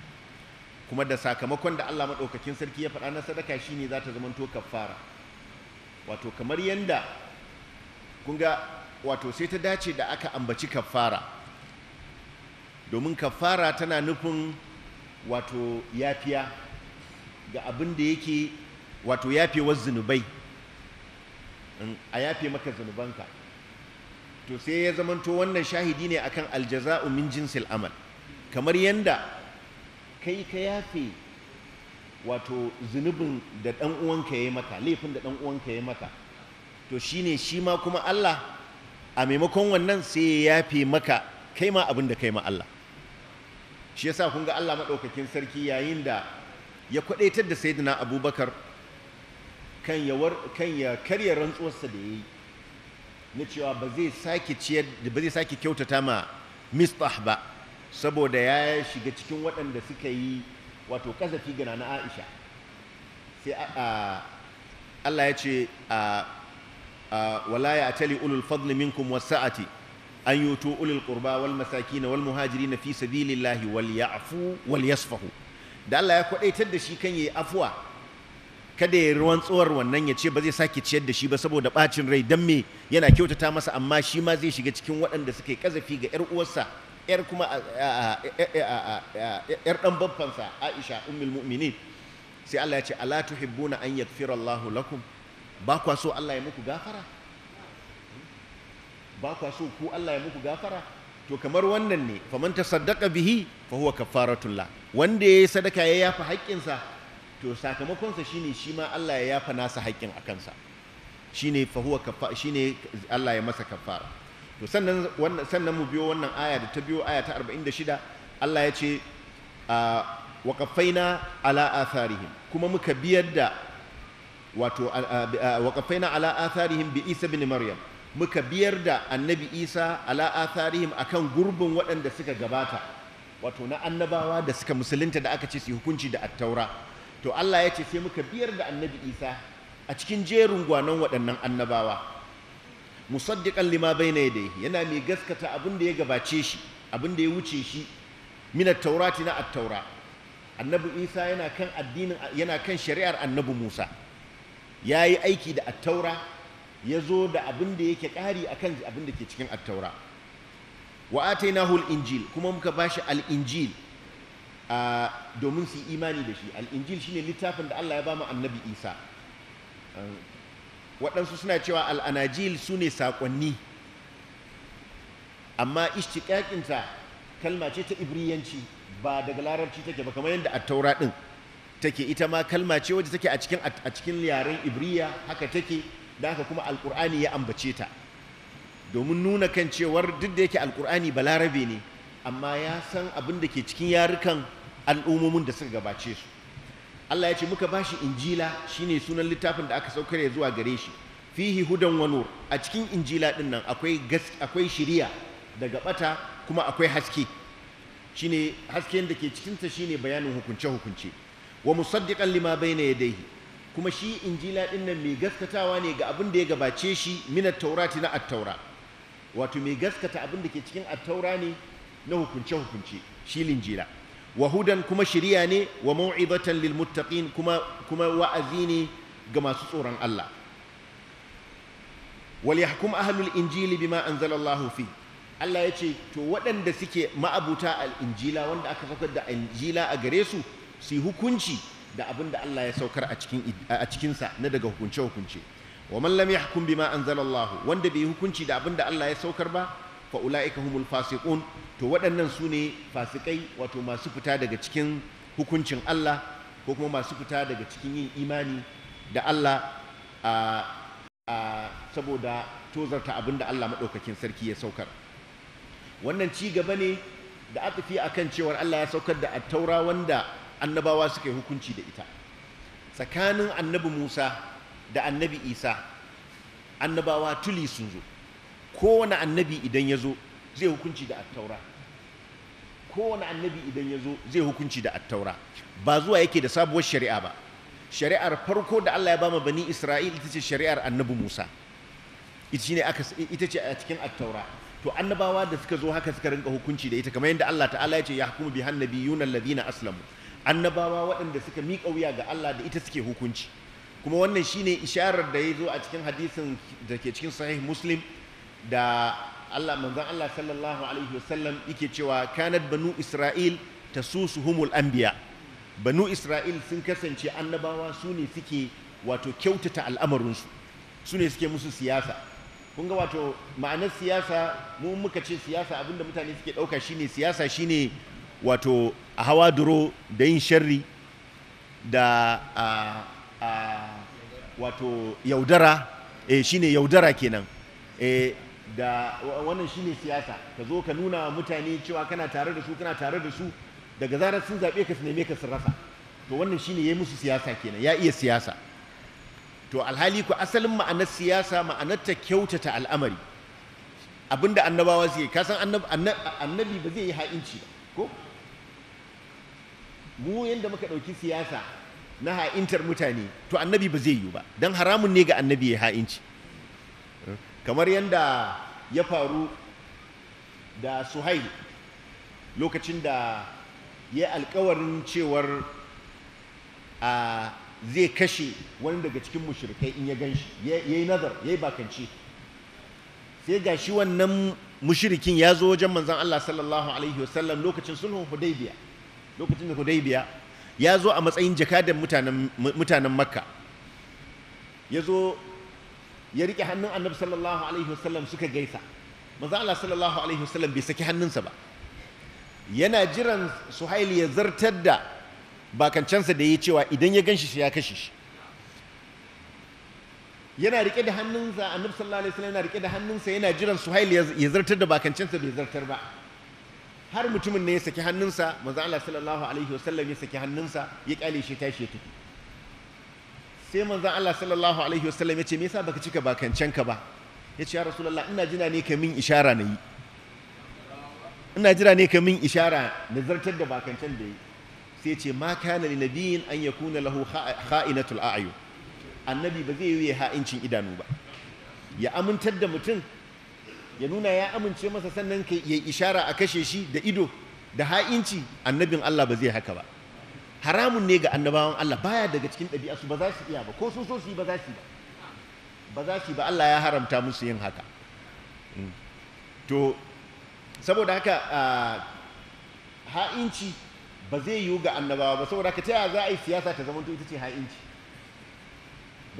kuma da sakamakon da Allah maɗaukakin sarki ya faɗa na sadaka shine za ta zamanto kafara wato kamar yadda kunga wato sai ta dace da aka ambaci kafara domin kafara tana nufin wato yafiya ga abin da yake wato yafewar zunubai a yafe maka zunubanka to sai ya zamanto wannan shahidi ne akan aljaza'u min jinsil amal kamar yanda kai ka yafe wato zunubin da ɗan uwanka ya yi maka laifin da ɗan uwanka ya yi maka to shine shi ma kuma Allah a maimakon wannan sai ya yafe maka kai ma abin da kai ma Allah shi yasa kun ga Allah maɗaukakin sarki yayin da ya kwaɗaitar da sayyidina Abubakar kan ya kan karya rantsuwarsa da yayi na cewa ba zai sake ciyar ba zai sake kyautata ma mistah ba saboda ya shiga cikin waɗanda suka yi wato kazafi gana na Aisha sai Allah ya ce Walaya a tali ulul fadli minkum wasa'ati an to ulul kurba, wal masaki na wal muhajiri na fi sabilillahi wal ya'fu wal yasfahu da Allah ya kwadaitar da shi kan yayi afuwa kada ya ruwan tsuwar wannan ya ce ba zai sake ciyar da shi ba saboda bacin rai dan me yana kyautata masa amma shi ma zai shiga cikin waɗanda suka yi kazafi ga yar uwarsa yar kuma yar dan babbansa Aisha ummul mu'minin sai Allah ya ce ala tuhibbuna an yaghfira Allahu lakum ba kwa so Allah ya muku gafara ba kwa so ku Allah ya muku gafara to kamar wannan ne faman tasaddaqa bihi fa huwa la wanda yayi sadaka ya yafa haƙƙinsa to sakamakonsa shine shi ma Allah ya yafa nasa haƙƙin a shine fa huwa shine Allah ya masa kafara to sannan mu biyo wannan aya da ta biyo aya ta 46 Allah ya ce ah, wa qafaina ala atharihim kuma muka biyar da wato ah, ah, wa qafaina ala bi Isa bin Maryam muka biyar da annabi Isa ala atharihim akan gurbin waɗanda suka gabata wato na annabawa da suka musulunta da aka ce su hukunci da attaura to Allah ya ce sai muka biyar da annabi Isa a cikin jerin gwanon waɗannan annabawa musaddiqan lima bayna yadayhi yana mai gaskata abin da ya gabace shi abin da ya wuce shi min at-taurati na at-taura annabi Isa yana kan addinin yana kan shari'ar annabi Musa yayi aiki da at-taura ya zo da abin da yake kari akan abin da ke cikin at-taura wa atainahu al-injil kuma muka bashi al-injil domin su imani da shi al-injil shine littafin da Allah ya ba mu annabi Isa waɗansu suna cewa al'anajil su ne saƙonni amma ishtiƙaƙinta kalma ce ta ibriyanci ba daga larabci take ba kamar yadda taura ɗin take ita ma kalma ce wadda take a cikin yaren ibriya haka take da haka kuma alƙur'ani ya ambace ta domin nuna kan cewar duk da yake alƙur'ani ba larabe ne amma ya san abin da ke cikin yarukan al'ummomin da suka gabace su Allah ya ce muka ba shi injila shine sunan littafin da aka ya zuwa gare shi fihi hudan wa nur a cikin injila din nan akwai akwai shiriya daga bata kuma akwai haske shine hasken da ke cikin ta shine bayanin hukunce hukunce wa musaddiqan lima bayna yadayhi kuma shi injila din nan mai gaskatawa ne ga abin da ya gabace shi at taurati na at-taura wato mai gaskata abin da ke cikin at-taura ne na hukunce hukunce shi linjila wa hudan kuma shiriya ne wa mau'izatan lil muttaqin kuma kuma wa'azi ne ga masu tsoron Allah wal yahkum ahlul injili bima anzala Allah fi Allah ya ce to waɗanda suke ma'abuta al-injila wanda aka saukar da injila a gare su su hukunci da abin da Allah ya saukar a cikin a cikin sa na daga hukunce hukunce wa man lam yahkum bima anzala Allah wanda bai hukunci da abin da Allah ya saukar ba fa ulaika humul fasiqun to waɗannan su ne fasikai wato masu fita daga cikin hukuncin Allah ko kuma masu fita daga cikin yin imani da Allah a saboda tozarta abin da Allah maɗaukakin sarki ya saukar wannan ci gaba ne da aka fi akan cewar Allah ya saukar da attaura wanda annabawa suka yi hukunci da ita tsakanin annabi Musa da annabi Isa annabawa tuli sun zo kowane annabi idan ya zo zai hukunci da attaura kowane annabi idan ya zo zai hukunci da attaura ba zuwa yake da sabuwar shari'a ba shari'ar farko da Allah ya bama bani Isra'il ita ce shari'ar annabi Musa ita ce a cikin attaura to annabawa da suka zo haka suka rinka hukunci da ita kamar yadda Allah ta'ala ya ce ya hukumu bihan yuna ladina aslamu annabawa waɗanda suka miƙa wuya ga Allah da ita suke hukunci kuma wannan shine isharar da ya zo a cikin hadisin da ke cikin sahih muslim da Allah manzan Allah sallallahu alaihi wasallam yake cewa kanat banu Isra'il ta humul anbiya banu Isra'il sun kasance annabawa su ne suke wato kyautata al'amarinsu su ne suke musu siyasa kun ga wato ma'anar siyasa mu muka ce siyasa abinda mutane suke ɗauka shine siyasa shine wato a hawa duro da yin sharri da a wato yaudara eh shine yaudara kenan eh da wannan shine siyasa ka zo ka nuna mutane cewa kana tare da su kana tare da su daga zarar sun zaɓe ka su neme ka su rasa to wannan shine yi musu siyasa kenan ya iya siyasa to alhali ku asalin ma'anar siyasa ma'anar ta kyautata al'amari abinda annabawa suke ka san annabi ba zai yi ha'inci ba ko mu yanda muka ɗauki siyasa na ha'intar mutane to annabi ba zai yi ba don haramun ne ga annabi ya ha'inci kamar yadda ya faru da suhail lokacin da ya alkawarin cewar a zai kashe wani daga cikin mushrikai in ya gan shi ya yi nazar ya yi bakanci sai ga shi wannan mushrikin ya zo wajen manzan Allah sallallahu alaihi wasallam lokacin sulhun hudaybiya lokacin da hudaybiya ya zo a matsayin jakadan mutanen makka ya zo ya rike hannun annabi sallallahu alaihi wasallam suka gaisa manzo Allah sallallahu alaihi wasallam bai saki hannunsa ba yana jiran suhail ya zartar da bakancansa da ya cewa idan ya ganshi shi ya kashe shi yana rike da hannunsa annabi sallallahu alaihi wasallam yana rike da hannunsa yana jiran suhail ya zartar da bakancansa bai zartar ba har mutumin ne ya saki hannunsa maza Allah sallallahu alaihi wasallam ya saki hannunsa ya kyale shi tashi ya tafi sai manzan Allah sallallahu alaihi wasallam ya ce me yasa baka cika ka ba ya ce ya rasulullah ina jira ne ka min ishara na yi ina jira ne ka min ishara na zartar da bakancen da yi sai ce ma kana li nabiyin an yakuna lahu kha'inatul a'yu annabi ba zai yi ha'incin idanu ba ya amintar da mutum ya nuna ya amince masa sannan ya ishara a kashe shi da ido da ha'inci annabin Allah ba zai haka ba haramun ne ga annabawan Allah baya daga cikin ɗabi'a su ba za su iya ba ko sun so su yi ba za su ba ba za su ba Allah ya haramta musu yin haka mm. to saboda haka ha'inci ba zai yiwu ga annabawa ba saboda haka taya za a yi siyasa ta zamanto ita ce ha'inci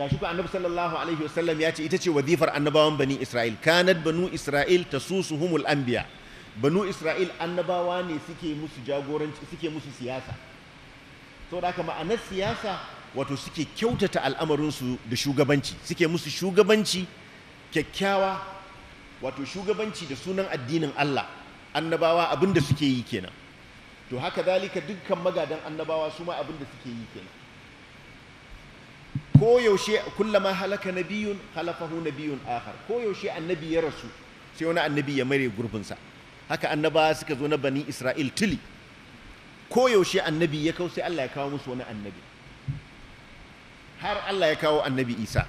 ga shi ku annabi sallallahu alaihi wasallam ya ce ita ce wazifar annabawan bani isra'il kanat banu isra'il tasusuhumul anbiya banu isra'il annabawa ne suke musu jagoranci suke musu siyasa saboda haka ma'anar siyasa wato suke kyautata al'amarinsu da shugabanci suke musu shugabanci kyakkyawa wato shugabanci da sunan addinin Allah annabawa abin da suke yi kenan to haka zalika dukkan magadan annabawa su ma abin da suke yi kenan ko yaushe kullama halaka nabiyun halafahu nabiyun akhar ko yaushe annabi ya rasu sai wani annabi ya mare gurbinsa haka annabawa suka zo na bani Isra'il tili koyaushe annabi ya kawo sai Allah ya kawo musu wani annabi har Allah ya kawo annabi Isa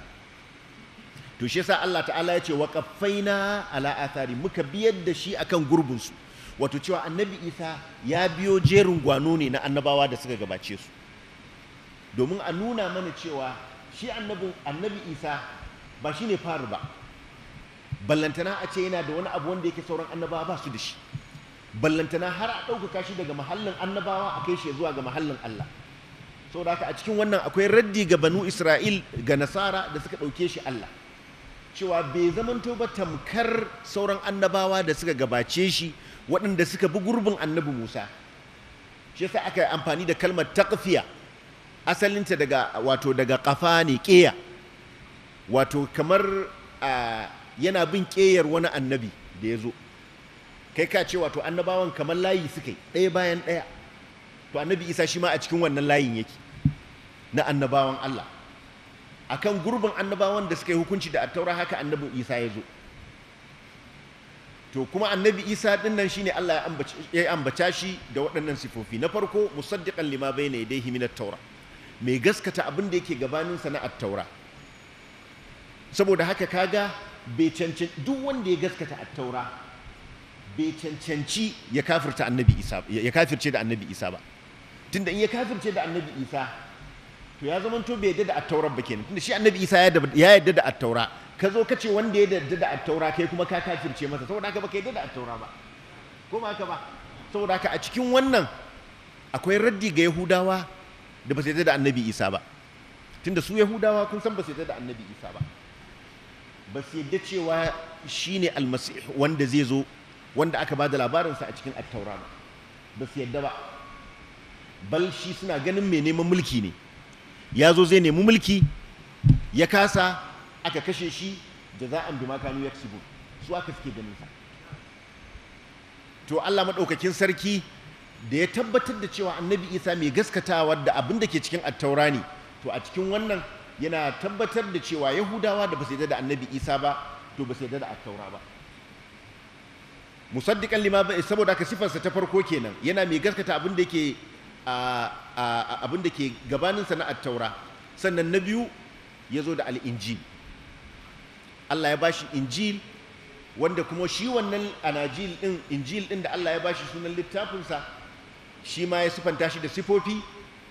to shi yasa Allah ta'ala ya ce wa ala athari muka biyar da shi akan gurbin su wato cewa annabi Isa ya biyo jerin gwano ne na annabawa da suka gabace su domin a nuna mana cewa shi annabi annabi Isa ba shi ne faru ba ballantana a ce yana da wani abu wanda yake sauran annabawa ba su da shi ballantana har a ɗaukaka shi daga mahallin annabawa a kai shi zuwa ga mahallin Allah saboda haka a cikin wannan akwai raddi ga banu Isra'il ga nasara da suka ɗauke shi Allah cewa bai zamanto ba tamkar sauran annabawa da suka gabace shi waɗanda suka bi gurbin annabi Musa shi yasa aka yi amfani da kalmar taqfiya asalinta daga wato daga kafa ne ƙeya wato kamar yana bin ƙeyar wani annabi da ya zo kai ka ce wato annabawan kamar layi yi ɗaya bayan ɗaya to annabi isa shi ma a cikin wannan layin yake na annabawan allah akan gurbin annabawan da suka yi hukunci da attaura haka annabin isa ya zo to kuma annabi isa din nan shine allah ya ambata shi da waɗannan sifofi na farko musaddiqan lima ne ya min at-taura mai gaskata abin da yake gabanin sa na attaura? saboda haka kaga bai cancanci? duk wanda ya gaskata attaura? bai cancanci ya kafirta annabi isa ya kafirce da annabi isa ba tunda in ya kafirce da annabi isa to ya zama to bai yadda da attaura ba kenan tunda shi annabi isa ya yadda da attaura ka zo ka ce wanda ya yadda da attaura kai kuma ka kafirce masa saboda haka baka yadda da attaura ba ko ba haka ba saboda haka a cikin wannan akwai raddi ga yahudawa da ba su yadda da annabi isa ba tunda su yahudawa kun san ba su yadda da annabi isa ba ba su yadda cewa shine Almasi wanda zai zo wanda aka ba da labarinsa a cikin attaura ba ba su yadda ba bal shi suna ganin mai neman mulki ne ya zo zai nemi mulki ya kasa aka kashe shi da za a bima kanu ya su aka suke ganin sa to Allah maɗaukakin sarki da ya tabbatar da cewa annabi isa mai gaskatawa da abin da ke cikin attaura ne to a cikin wannan yana tabbatar da cewa yahudawa da ba su yadda da annabi isa ba to ba su yadda da attaura ba musaddiƙan lima saboda haka sifarsa ta farko kenan yana mai gaskata abin da abin ke gabanin sana'ar taura sannan na biyu ya zo da al'injil Allah ya bashi injil wanda kuma shi wannan anajil din injil din da Allah ya bashi sunan littafinsa shi ma ya sifanta shi da sifofi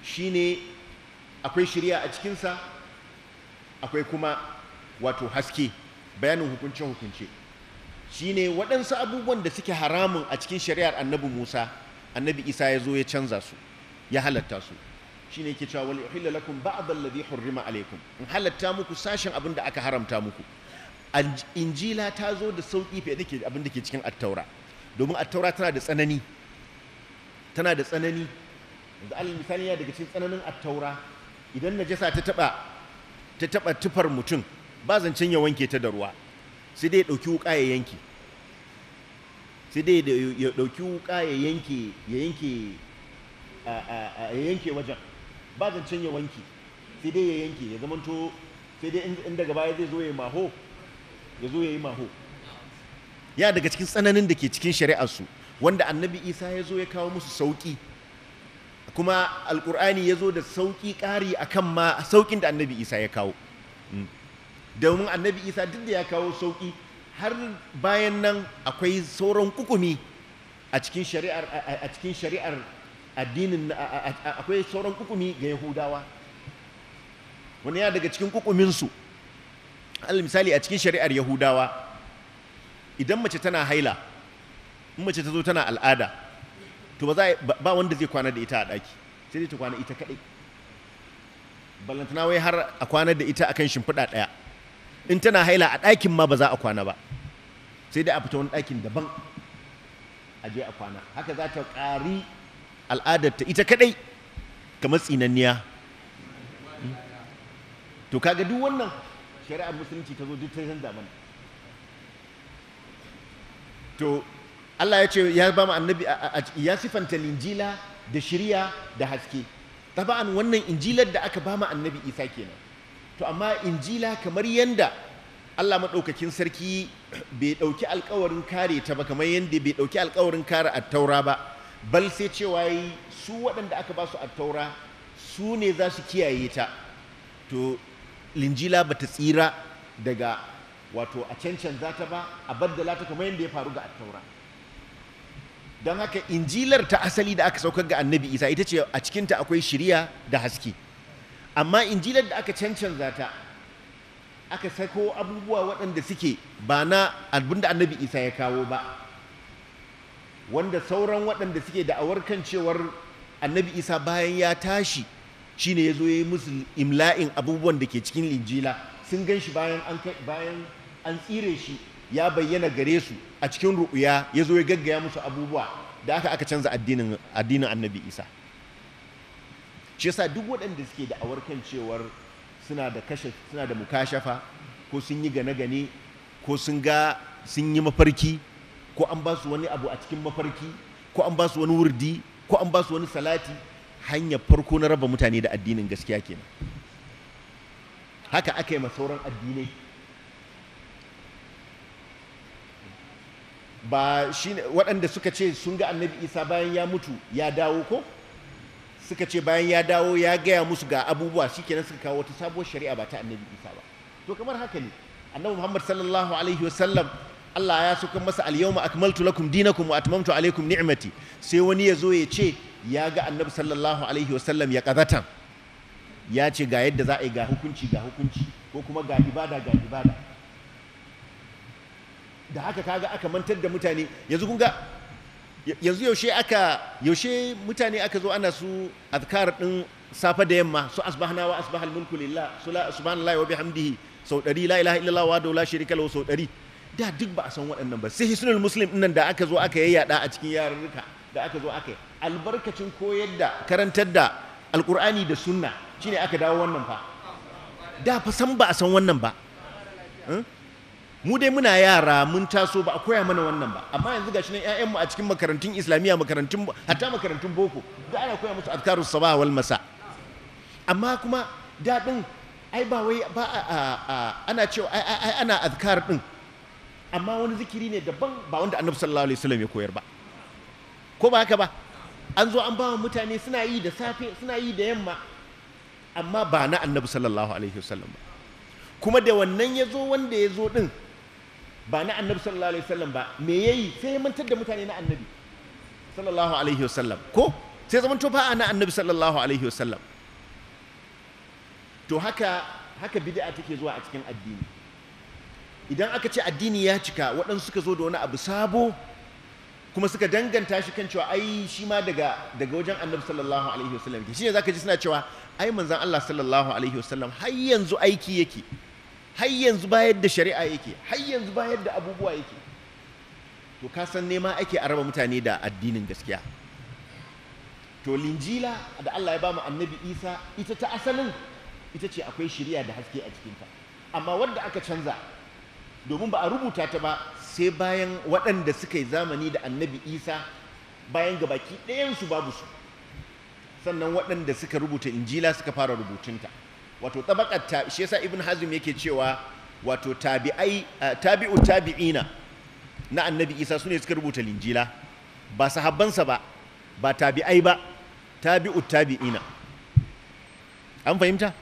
shi ne akwai shirya a cikinsa akwai kuma wato haske bayanin hukunce-hukunce shine waɗansu abubuwan da suke haramun a cikin shari'ar annabi musa annabi isa ya zo ya canza su ya halatta su shine ke cewa wal uhilla lakum ba'd alladhi hurrima alaykum in halatta muku sashen abin da aka haramta muku injila ta zo da sauki fiye da abin da ke cikin attaura domin attaura tana da tsanani tana da tsanani da alal misali daga cikin tsananin attaura idan najasa ta taba ta taba tufar mutum ba zancen ya wanke ta da ruwa sai dai ya ɗauki wuƙa ya yanke sai dai ya ɗauki wuƙa ya yanke ya yanke ya yanke wajen ba zancen ya wanke sai dai ya yanke ya zamanto sai dai in daga baya zai zo ya maho ya zo ya yi maho ya daga cikin tsananin da ke cikin shari'arsu wanda annabi isa ya zo ya kawo musu sauƙi kuma alƙur'ani ya zo da sauƙi ƙari akan ma sauƙin da annabi isa ya kawo hmm. domin annabi isa duk da ya kawo sauƙi har bayan nan akwai sauran kukumi a cikin shari'ar a cikin shari'ar addinin akwai sauran kukumi ga yahudawa wani ya daga cikin kukuminsu alal misali a cikin shari'ar yahudawa idan mace tana haila in mace ta zo tana al'ada to ba ba wanda zai kwana da ita a ɗaki sai dai ta kwana ita kaɗai ballantana wai har a kwana da ita akan shimfiɗa ɗaya in tana haila a ɗakin ma ba za a kwana ba sai dai a fita wani ɗakin daban a je a kwana haka za ta ƙari ta ita kaɗai kamar tsinanniya to kaga duk wannan shari'ar musulunci ta zo duk ta canza to Allah ya ce ya ba mu annabi ya sifanta linjila da shiriya da haske taba'an wannan injilar da aka ba mu annabi Isa kenan to amma injila kamar yanda Allah maɗaukakin sarki bai ɗauki alkawarin kare ta ba kamar yadda bai ɗauki alkawarin kare attaura ba bal sai cewa yi su waɗanda aka ba su attaura su ne za su kiyaye ta to linjila ba ta tsira daga wato a cancan za ta ba a baddala ta kamar yadda ya faru ga attaura don haka injilar ta asali da aka saukar ga annabi isa ita ce a cikinta akwai shirya da haske amma injilar da aka cancanza ta aka sako abubuwa waɗanda suke ba na abin da annabi isa ya kawo ba wanda sauran waɗanda suke da awar kan cewar annabi isa bayan ya tashi shine ya zo ya yi musu imla'in abubuwan da ke cikin injila sun gan shi bayan an tsire shi ya bayyana gare su a cikin ru'uya ya zo ya gaggaya musu abubuwa da aka aka canza addinin annabi isa shi yasa duk waɗanda suke da awarkan cewar suna da kashe suna da mukashafa ko sun yi gane-gane ko sun ga sun yi mafarki ko an ba su wani abu a cikin mafarki ko an ba su wani wurdi ko an ba su wani salati hanya farko na raba mutane da addinin gaskiya kenan haka aka yi ma sauran addinai ba shi waɗanda suka ce sun ga annabi isa bayan ya mutu ya dawo ko suka ce bayan ya dawo ya gaya musu ga abubuwa shikenan suka kawo wata sabuwar shari'a ba ta annabi isa ba to kamar haka ne annabi muhammad sallallahu alaihi wasallam Allah ya so kan masa al-yawma akmaltu lakum dinakum wa atmamtu alaykum ni'mati sai wani ya zo ya ce ya ga annabi sallallahu alaihi wasallam ya kazatan ya ce ga yadda za a yi ga hukunci ga hukunci ko kuma ga ibada ga ibada da haka kaga aka mantar da mutane yanzu kun ga yanzu yaushe aka yaushe mutane aka zo ana su azkar din safa da yamma su asbahna wa asbahal mulku lillah su subhanallahi wa bihamdihi sau ɗari la ilaha illallah wa la sharika lahu sau ɗari da duk ba a san waɗannan ba sai hisnul muslim nan da aka zo aka yayyada a cikin yarurruka da aka zo aka albarkacin koyar da karantar da alkur'ani da sunna shine aka dawo wannan fa da fa san ba a san wannan ba mu dai muna yara mun taso ba a koya mana wannan ba amma yanzu gashi nan ƴaƴanmu a cikin makarantun islamiyya makarantun hatta makarantun boko da ana koya musu azkarus sabah wal masa amma kuma daɗin ai ba wai ba ana cewa ai ana azkar din amma wani zikiri ne daban ba wanda annabi sallallahu alaihi wasallam ya koyar ba ko ba haka ba an zo an bawa mutane suna yi da safe suna yi da yamma amma ba na annabi sallallahu alaihi wasallam ba kuma da wannan ya zo wanda ya zo din ba na annabi sallallahu alaihi wasallam ba me yayi sai ya mantar da mutane na annabi sallallahu alaihi wasallam ko sai zaman to ba na annabi sallallahu alaihi wasallam to haka haka bid'a take zuwa a cikin addini idan aka ce addini ya cika waɗansu suka zo da wani abu sabo kuma suka danganta shi kan cewa ai shi ma daga daga wajen annabi sallallahu alaihi wasallam shi ne zaka ji suna cewa ai manzon Allah sallallahu alaihi wasallam har yanzu aiki yake har yanzu bayar da shari'a yake har yanzu bayar da abubuwa yake to ka san nema ake a raba mutane da addinin gaskiya to linjila da Allah ya ba mu annabi Isa ita ta asalin ita ce akwai shari'a da haske a cikinta amma wadda aka canza domin ba a rubuta ta ba sai bayan waɗanda suka yi zamani da annabi Isa bayan gabaki ɗayansu babu su sannan waɗanda suka rubuta injila suka fara rubutunta wato tabakar ta shi yasa ibn hazm yake cewa wato tabi'ai tabi'u tabi'ina na annabi isa sune suka rubuta linjila ba sahabbansa ba ba tabi'ai ba tabi'u tabi'ina an fahimta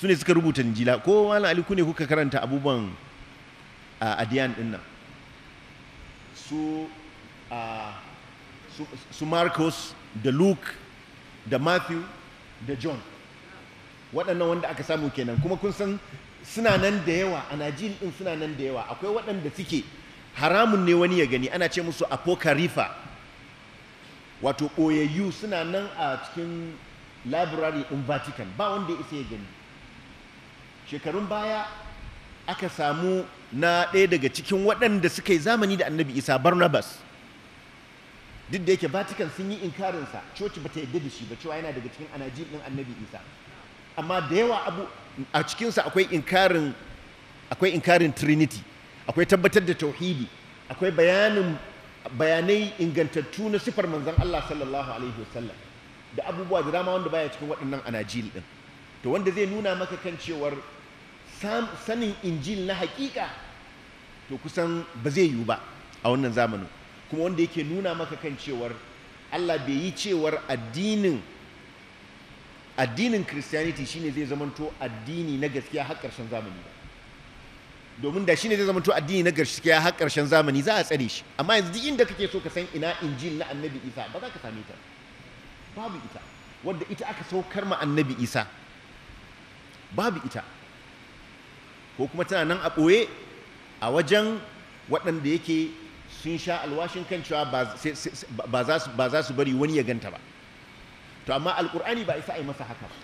su ne suka rubuta linjila ko wani aliku ne kuka karanta abubuwan adiyan din nan su su marcos da luke da matthew da john waɗannan wanda aka samu kenan kuma kun san suna nan da yawa a najin ɗin suna nan da yawa akwai waɗanda suke haramun ne wani ya gani ana ce musu apokarifa wato ɓoyayyu suna nan a cikin library ɗin vatican ba wanda ya isa ya gani shekarun baya aka samu na ɗaya daga cikin waɗanda suka yi zamani da annabi isa barnabas duk da yake vatican sun yi inkarinsa coci ba ta yadda da shi ba cewa yana daga cikin anajin ɗin annabi isa amma da yawa abu a cikinsa akwai inkarin karin trinity akwai tabbatar da tauhidi akwai bayanai ingantattu na sifar manzan Allah sallallahu alaihi wasallam da abubuwa da dama wanda baya cikin waɗannan anajil ɗin. to wanda zai nuna maka kan cewar sanin injil na hakika to kusan ba zai yiwu ba a wannan zamanin kuma wanda yake nuna maka kan cewar Allah bai yi cewar addinin addinin christianity shine zai to addini na gaskiya har ƙarshen zamani ba domin da shine zai to addini na gaskiya har ƙarshen zamani za a tsare shi amma yanzu duk inda kake so ka san ina injil na annabi isa ba za ka same ta babu ita wadda ita aka saukar ma annabi isa babu ita ko kuma tana nan a ɓoye a wajen waɗanda yake sun sha alwashin kan cewa ba za su bari wani ya ganta ba to amma alkur'ani ba isa a yi masa haka ba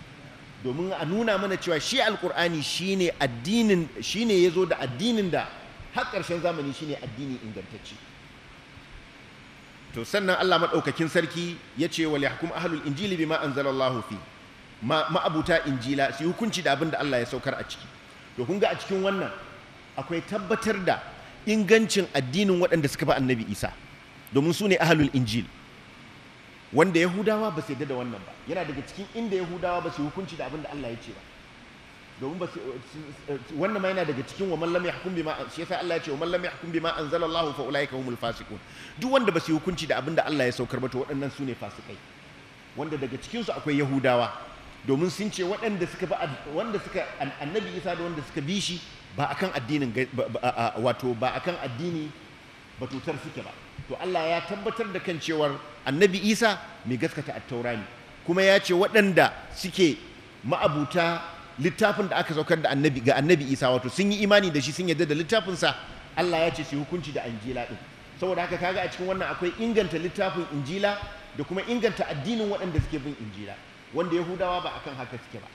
domin a nuna mana cewa shi alkur'ani shine addinin shine ya zo da addinin da har ƙarshen zamani shine addini ingantacce to sannan Allah maɗaukakin sarki ya ce wa ahlul injili bima anzalallahu fi ma'abuta injila su hukunci da abin da Allah ya saukar a ciki to kun ga a cikin wannan akwai tabbatar da ingancin addinin waɗanda suka bi annabi Isa domin su ne ahlul injili wanda yahudawa ba su yadda da wannan ba yana daga cikin inda yahudawa ba su hukunci da abin da Allah ya ce ba domin ba wannan ma yana daga cikin wa man lam yahkum bima shi yasa Allah ya ce wa man lam yahkum bima anzala Allah fa ulaika humul fasiqun duk wanda ba su hukunci da abin da Allah ya saukar ba to waɗannan su ne fasikai wanda daga cikin su akwai yahudawa domin sun ce waɗanda suka ba wanda suka annabi Isa da wanda suka bi shi ba akan addinin wato ba akan addini batutar suke ba to Allah ya tabbatar da kan cewar annabi Isa mai gaskata a taurari kuma ya ce waɗanda suke ma'abuta littafin da aka saukar da annabi ga annabi Isa wato sun yi imani da shi sun yarda da littafinsa Allah ya ce su hukunci da anjila ɗin saboda haka kaga a cikin wannan akwai inganta littafin injila da kuma inganta addinin waɗanda suke bin injila wanda yahudawa ba akan haka suke ba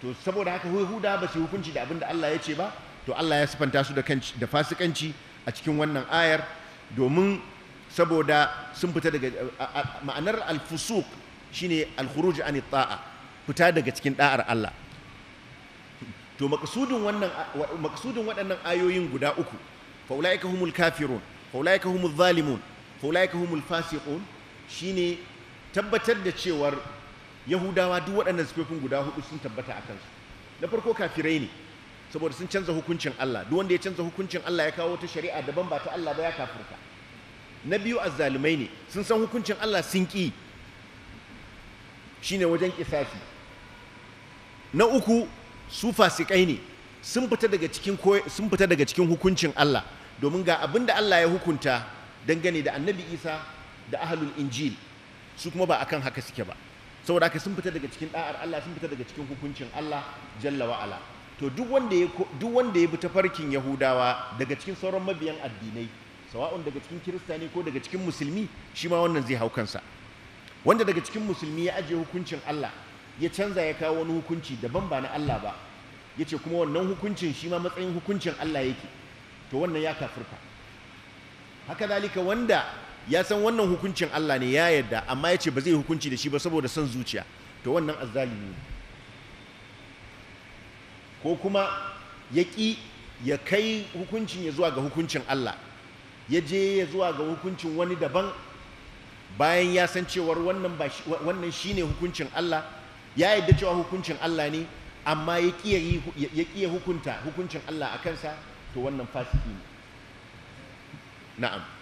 to saboda haka Yahuda ba su hukunci da abin da Allah ya ce ba to Allah ya sifanta su da fasikanci a cikin wannan ayar domin saboda sun fita daga ma'anar alfusuk shine alkhuruj an ta'a fita daga cikin da'ar Allah to maqsudun waɗannan ayoyin guda uku fa ulaika humul kafirun fa ulaika humul zalimun fa ulaika humul fasiqun shine tabbatar da cewar yahudawa duk waɗannan sifofin guda hudu sun tabbata a kansu na farko kafirai ne saboda sun canza hukuncin Allah duk wanda ya canza hukuncin Allah ya kawo ta shari'a daban ba ta Allah ba ya kafirta na biyu azzalumai ne sun san hukuncin Allah sun ƙi shine wajen kisafi na uku su fasikai ne sun fita daga cikin sun hukuncin Allah domin ga abin da Allah ya hukunta dangane da Annabi Isa da ahlul Injil su kuma ba kan haka suke ba saboda haka sun fita daga cikin da'ar Allah sun fita daga cikin hukuncin Allah jalla wa to duk wanda ya duk ta farkin Yahudawa daga cikin sauran mabiyan addinai sawa'un daga cikin kirista ne ko daga cikin musulmi shi ma wannan zai haukansa wanda daga cikin musulmi ya ajiye hukuncin Allah ya canza ya kawo wani hukunci daban ba na Allah ba ya ce kuma wannan hukuncin shi ma matsayin hukuncin Allah yake to wannan ya kafirka haka zalika wanda ya san wannan hukuncin Allah ne ya yarda amma ya ce ba zai hukunci da shi ba saboda son zuciya to wannan azzalimi ne ko kuma ya ki ya kai hukuncin ya zuwa ga hukuncin Allah ya je ya zuwa ga hukuncin wani daban bayan ya san cewar wannan shi ne hukuncin Allah ya yadda cewa hukuncin Allah ne amma ya kiya hukunta hukuncin Allah a kansa to wannan fasiki na'am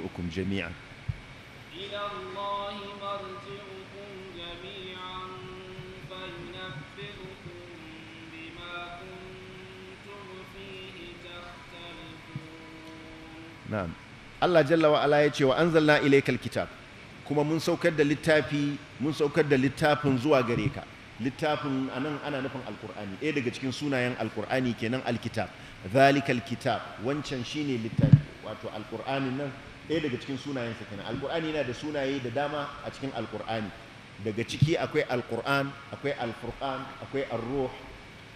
مرجعكم جميعا إلى الله مرجعكم جميعا فينبئكم بما كنتم فيه تختلفون نعم Allah jalla ala ya ce wa anzalna ilaykal kitab kuma mun saukar da littafi littafin zuwa gare ka littafin anan ana nufin alqur'ani ɗaya daga cikin sunayen alqur'ani kenan alkitab zalikal kitab wancan shine littafi wato Alƙur'ani nan ɗaya daga cikin sunayensa kenan alkur'ani yana da sunaye da dama a cikin alkur'ani daga ciki akwai alkur'an akwai alfurqan akwai arruh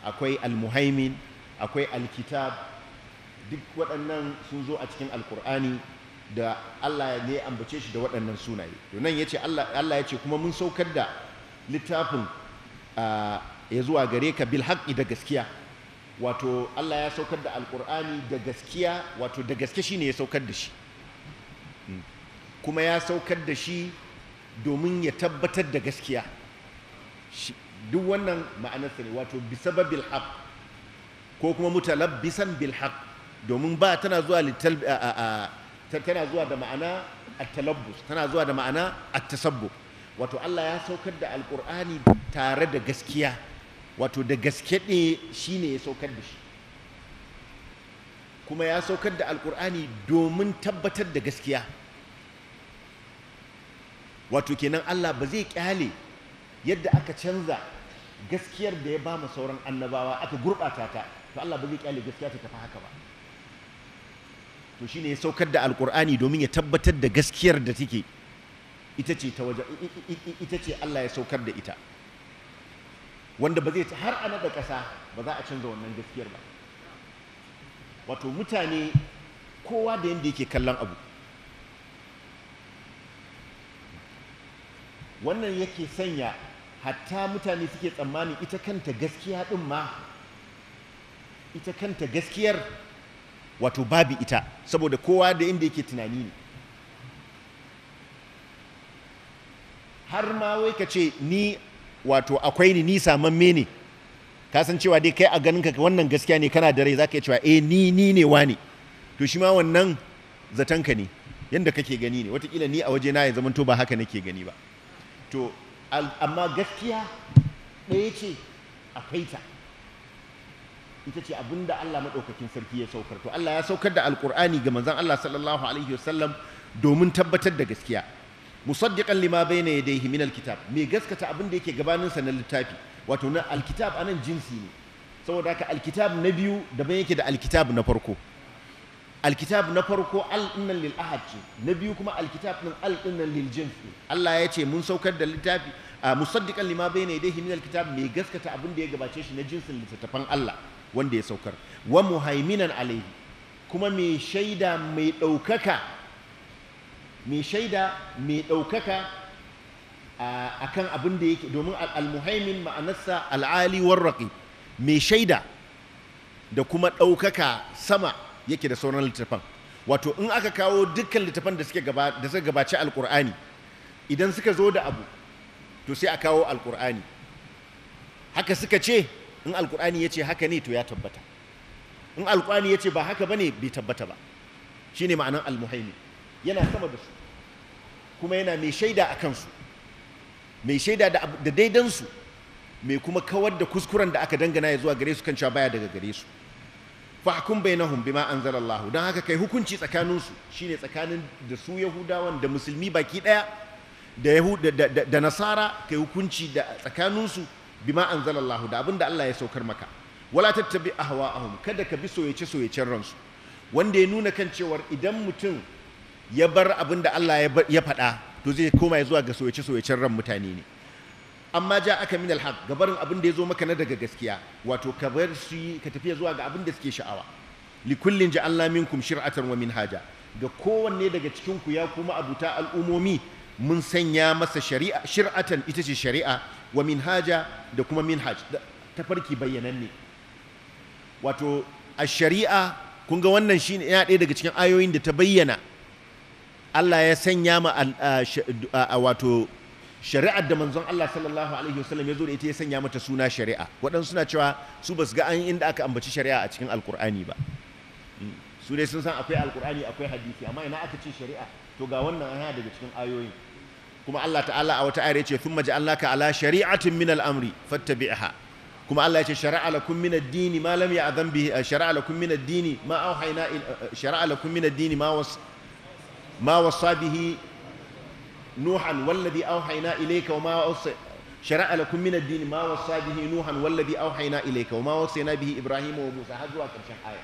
akwai almuhaimin akwai alkitab duk waɗannan sun zo a cikin alkur'ani da Allah ne ambace shi da waɗannan sunaye to nan yace Allah Allah yace kuma mun saukar da littafin ya zuwa gare ka bil haqqi da gaskiya wato Allah ya saukar da alkur'ani da gaskiya wato da gaske shine ya saukar da shi kuma ya saukar da shi domin ya tabbatar da gaskiya duk wannan ma'anarsa ne wato bisa ba bilhaq ko kuma mutalabbisan bilhaq domin ba tana zuwa tana zuwa da ma'ana a talabbus tana zuwa da ma'ana a tasabbu wato Allah ya saukar da alkur'ani tare da gaskiya wato da gaske ne shine ya saukar da shi kuma ya saukar da alkur'ani domin tabbatar da gaskiya wato kenan Allah ba zai kyale yadda aka canza gaskiyar da ya ba mu sauran annabawa aka gurɓata ta to Allah ba zai kyale gaskiya ta tafi haka ba to shine ya saukar da alkur'ani domin ya tabbatar da gaskiyar da take ita ce ta waje ita ce Allah ya saukar da ita wanda ba zai har a da ƙasa ba za a canza wannan gaskiyar ba wato mutane kowa da yadda yake kallon abu wannan yake sanya hatta mutane suke tsammani ita kanta gaskiya ɗin ma ita kanta gaskiyar wato babu ita saboda kowa da inda yake tunani ne har ma wai ka ce ni wato akwai ni ni samamme ne ka san cewa dai kai a ganin ka wannan gaskiya ne kana da rai zaka cewa eh ni ni ne wani to shi ma wannan zaton ka ne yanda kake gani ne watakila ni a waje na ya zama to ba haka nake gani ba to amma gaskiya ɗaya ce a faita ita ce abin Allah maɗaukakin sarki ya saukar to Allah ya saukar da alƙur'ani ga manzon Allah sallallahu alaihi wasallam domin tabbatar da gaskiya musaddiqan lima bayna yadayhi min alkitab me gaskata abin da yake gabaninsa na littafi wato na alkitab anan jinsi ne saboda haka alkitab na biyu daban yake da alkitab na farko alkitab na farko al'innan lil ahad ce na biyu kuma alkitab din al'innan lil jins Allah ya ce mun saukar da littafi musaddiqan lima bayna yadayhi min alkitab mai gaskata abin da ya gabace shi na jinsin littattafan Allah wanda ya saukar wa muhaiminan alaihi kuma mai shaida mai ɗaukaka mai shaida mai ɗaukaka akan abin da yake domin al’almuhaimin ma'anarsa al’ali mai shaida da kuma ɗaukaka sama yake da sauran littafan wato in aka kawo dukkan littafan da suke gabace al’ur'ani gabaci idan suka zo da abu to sai a kawo al’ur'ani haka suka ce in ya yace haka ne to ya tabbata in ya yace ba haka bane bai tabbata ba shine ma'anar al yana sama da su kuma yana mai shaida a kansu mai shaida da daidansu mai kuma kawar da kuskuren da aka dangana ya zuwa gare su kan baya daga gare su fahkum bainahum bima anzalallahu don haka kai hukunci tsakaninsu shi shine tsakanin da su yahudawan da musulmi baki daya da da, nasara kai hukunci da tsakaninsu bima an anzalallahu da da Allah ya saukar maka wala tattabi ahwa'ahum kada ka bi soyace soyacen ransu wanda ya nuna kan cewar idan mutum ya bar abin da Allah ya faɗa to zai koma zuwa ga soyace soyacen ran mutane ne amma ja aka min alhaq gabarin abin da ya zo maka na daga gaskiya wato ka bar su ka tafiya zuwa ga abin da suke sha'awa li kullin ja'alna minkum shir'atan wa minhaja ga kowanne daga cikin ku ya kuma abuta al'umomi mun sanya masa shari'a shir'atan ita ce shari'a wa minhaja da kuma minhaj tafarki bayyananne wato a shari'a kun ga wannan shine ya ɗaya daga cikin ayoyin da ta bayyana Allah ya sanya ma wato shari'ar da manzon Allah sallallahu alaihi wasallam ya zo da ita ya sanya mata suna shari'a waɗansu suna cewa su basu ga an inda aka ambaci shari'a a cikin alkur'ani ba su dai sun san akwai alkur'ani akwai hadisi amma ina aka ce shari'a to ga wannan ana daga cikin ayoyin kuma Allah ta'ala a wata ayar yace thumma ja'alnaka ala shari'atin min al-amri fattabi'ha kuma Allah yace shari'a lakum min ad-dini ma lam ya'zam bihi shari'a lakum min ad-dini ma awhayna shari'a lakum min ad-dini ma was ma wasa bihi nuhan wallabi auhayna ilayka wa ma shari'a lakum min ad-din ma wasa bihi nuhan wallabi auhayna ilayka wa ma wasayna bihi ibrahima wa musa har zuwa karshen aya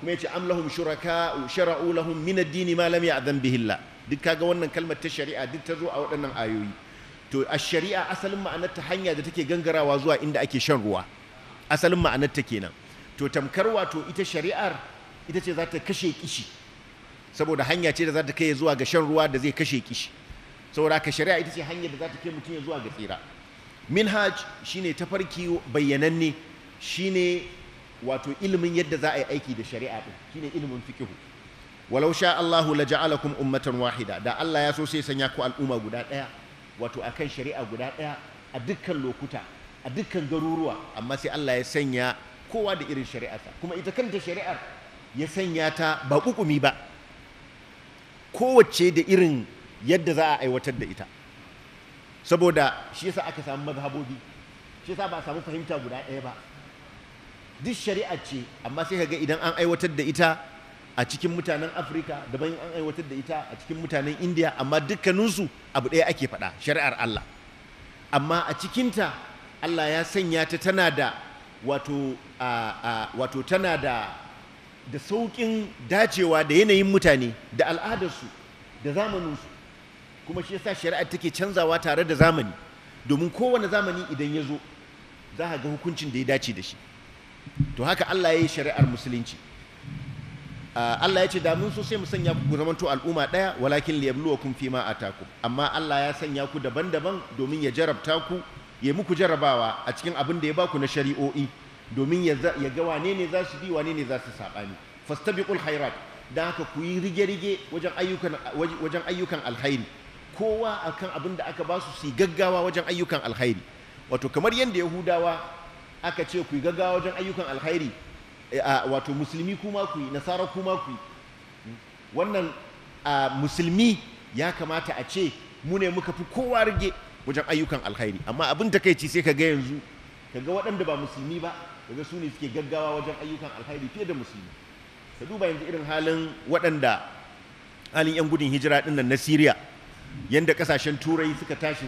kuma yace am lahum shuraka shara'u lahum min ad-din ma lam duk kaga wannan kalmar ta shari'a duk ta zo a waɗannan ayoyi to a shari'a asalin ma'anar ta hanya da take gangarawa zuwa inda ake shan ruwa asalin ma'anar ta kenan to tamkar wato ita shari'ar ita ce za ta kashe kishi saboda hanya ce da za ta kai zuwa ga shan ruwa da zai kashe kishi saboda ka shari'a ita ce hanyar da za ta kai mutum ya zuwa ga tsira minhaj shine tafarki bayyananne shine wato ilimin yadda za a yi aiki da shari'a din shine ilimin fikihu walau sha Allahu la ja'alakum ummatan wahida da Allah ya so sai sanya ku al'umma guda daya wato akan shari'a guda daya a dukkan lokuta a dukkan garuruwa amma sai Allah ya sanya kowa da irin shari'arsa kuma ita kanta shari'ar ya sanya ta ba kukumi ba kowace da irin yadda za a aiwatar da ita saboda shi yasa aka samu mazhabobi shi yasa ba samu fahimta guda ɗaya ba duk shari'a ce amma sai ga idan an aiwatar da ita a cikin mutanen afirka da daban an aiwatar da ita a cikin mutanen indiya amma dukkaninsu abu ɗaya ake faɗa shari'ar allah amma a cikinta allah ya sanya ta tana da wato tana da da saukin dacewa da yanayin mutane da al'adarsu da zamaninsu kuma shi yasa shari'ar take canzawa tare da zamani domin kowane zamani idan ya zo za a ga hukuncin da ya dace da shi to haka Allah ya yi shari'ar musulunci Allah ya ce da mun so sai mu sanya ku zamanto al'umma ɗaya walakin liyabluwakum fi ma taku. amma Allah ya sanya ku daban-daban domin ya jarabta ku ya muku jarabawa a cikin abin da ya baku na shari'o'i domin ya ga wane ne za su bi wane ne za su saɓani fastabiqul khairat da haka ku yi rige-rige wajen ayyukan wajen ayyukan alkhairi kowa akan abin da aka ba su su gaggawa wajen ayyukan alkhairi wato kamar yadda yahudawa aka ce ku yi gaggawa wajen ayyukan alkhairi eh, wato musulmi kuma ku yi nasara kuma ku yi wannan musulmi ya kamata a ce mu ne muka fi kowa rige wajen ayyukan alkhairi amma abin takaici sai ka ga yanzu ka ga waɗanda ba musulmi ba daga su ne suke gaggawa wajen ayyukan alhairi fiye da musulmi ka duba yanzu irin halin waɗanda halin 'yan gudun hijira ɗin nan na siriya yadda kasashen turai suka tashi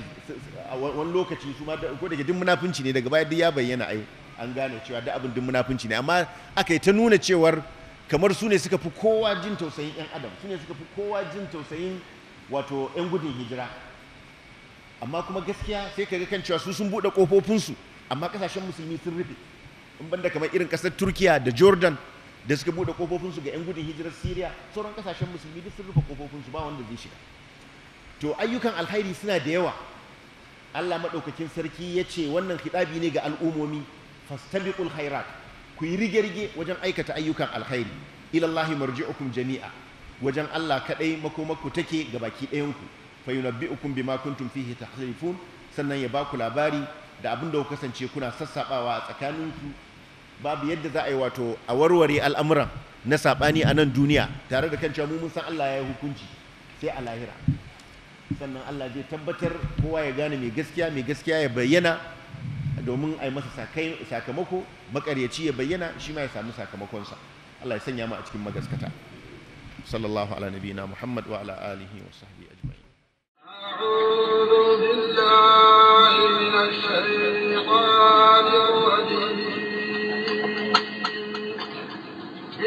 a wani lokaci su ma ko da duk munafunci ne daga baya duk ya bayyana ai an gane cewa duk abin duk munafunci ne amma aka yi ta nuna cewar kamar su ne suka fi kowa jin tausayin 'yan adam su ne suka fi kowa jin tausayin wato 'yan gudun hijira amma kuma gaskiya sai ka ga kan cewa su sun buɗe ƙofofinsu amma kasashen musulmi sun rufe in banda kamar irin kasar turkiya da jordan da suka buɗe kofofinsu ga 'yan gudun hijirar syria sauran kasashen musulmi duk sun rufe kofofinsu ba wanda zai shiga to ayyukan alhairi suna da yawa allah maɗaukakin sarki ya ce wannan hitabi ne ga al'umomi fastabiqul khairat ku yi rige-rige wajen aikata ayyukan alhairi ilallahi marji'ukum jami'a wajen allah kaɗai makomakku take ga baki ɗayanku fa yunabbi'ukum bima kuntum fihi tahlifun sannan ya ba ku labari da abin da ku kasance kuna sassaɓawa a tsakaninku babu yadda za a yi wato a warware al'amuran na saɓani a nan duniya tare da kan cewa mun san Allah ya yi hukunci sai a lahira sannan Allah zai tabbatar kowa ya gane mai gaskiya mai gaskiya ya bayyana domin a yi masa sakamako makaryaci ya bayyana shi ma ya samu sakamakonsa Allah ya sanya mu a cikin magaskata sallallahu ala nabiyina Muhammad wa ala alihi wa sahbihi ajma'in أعوذ بالله من الشيطان الرجيم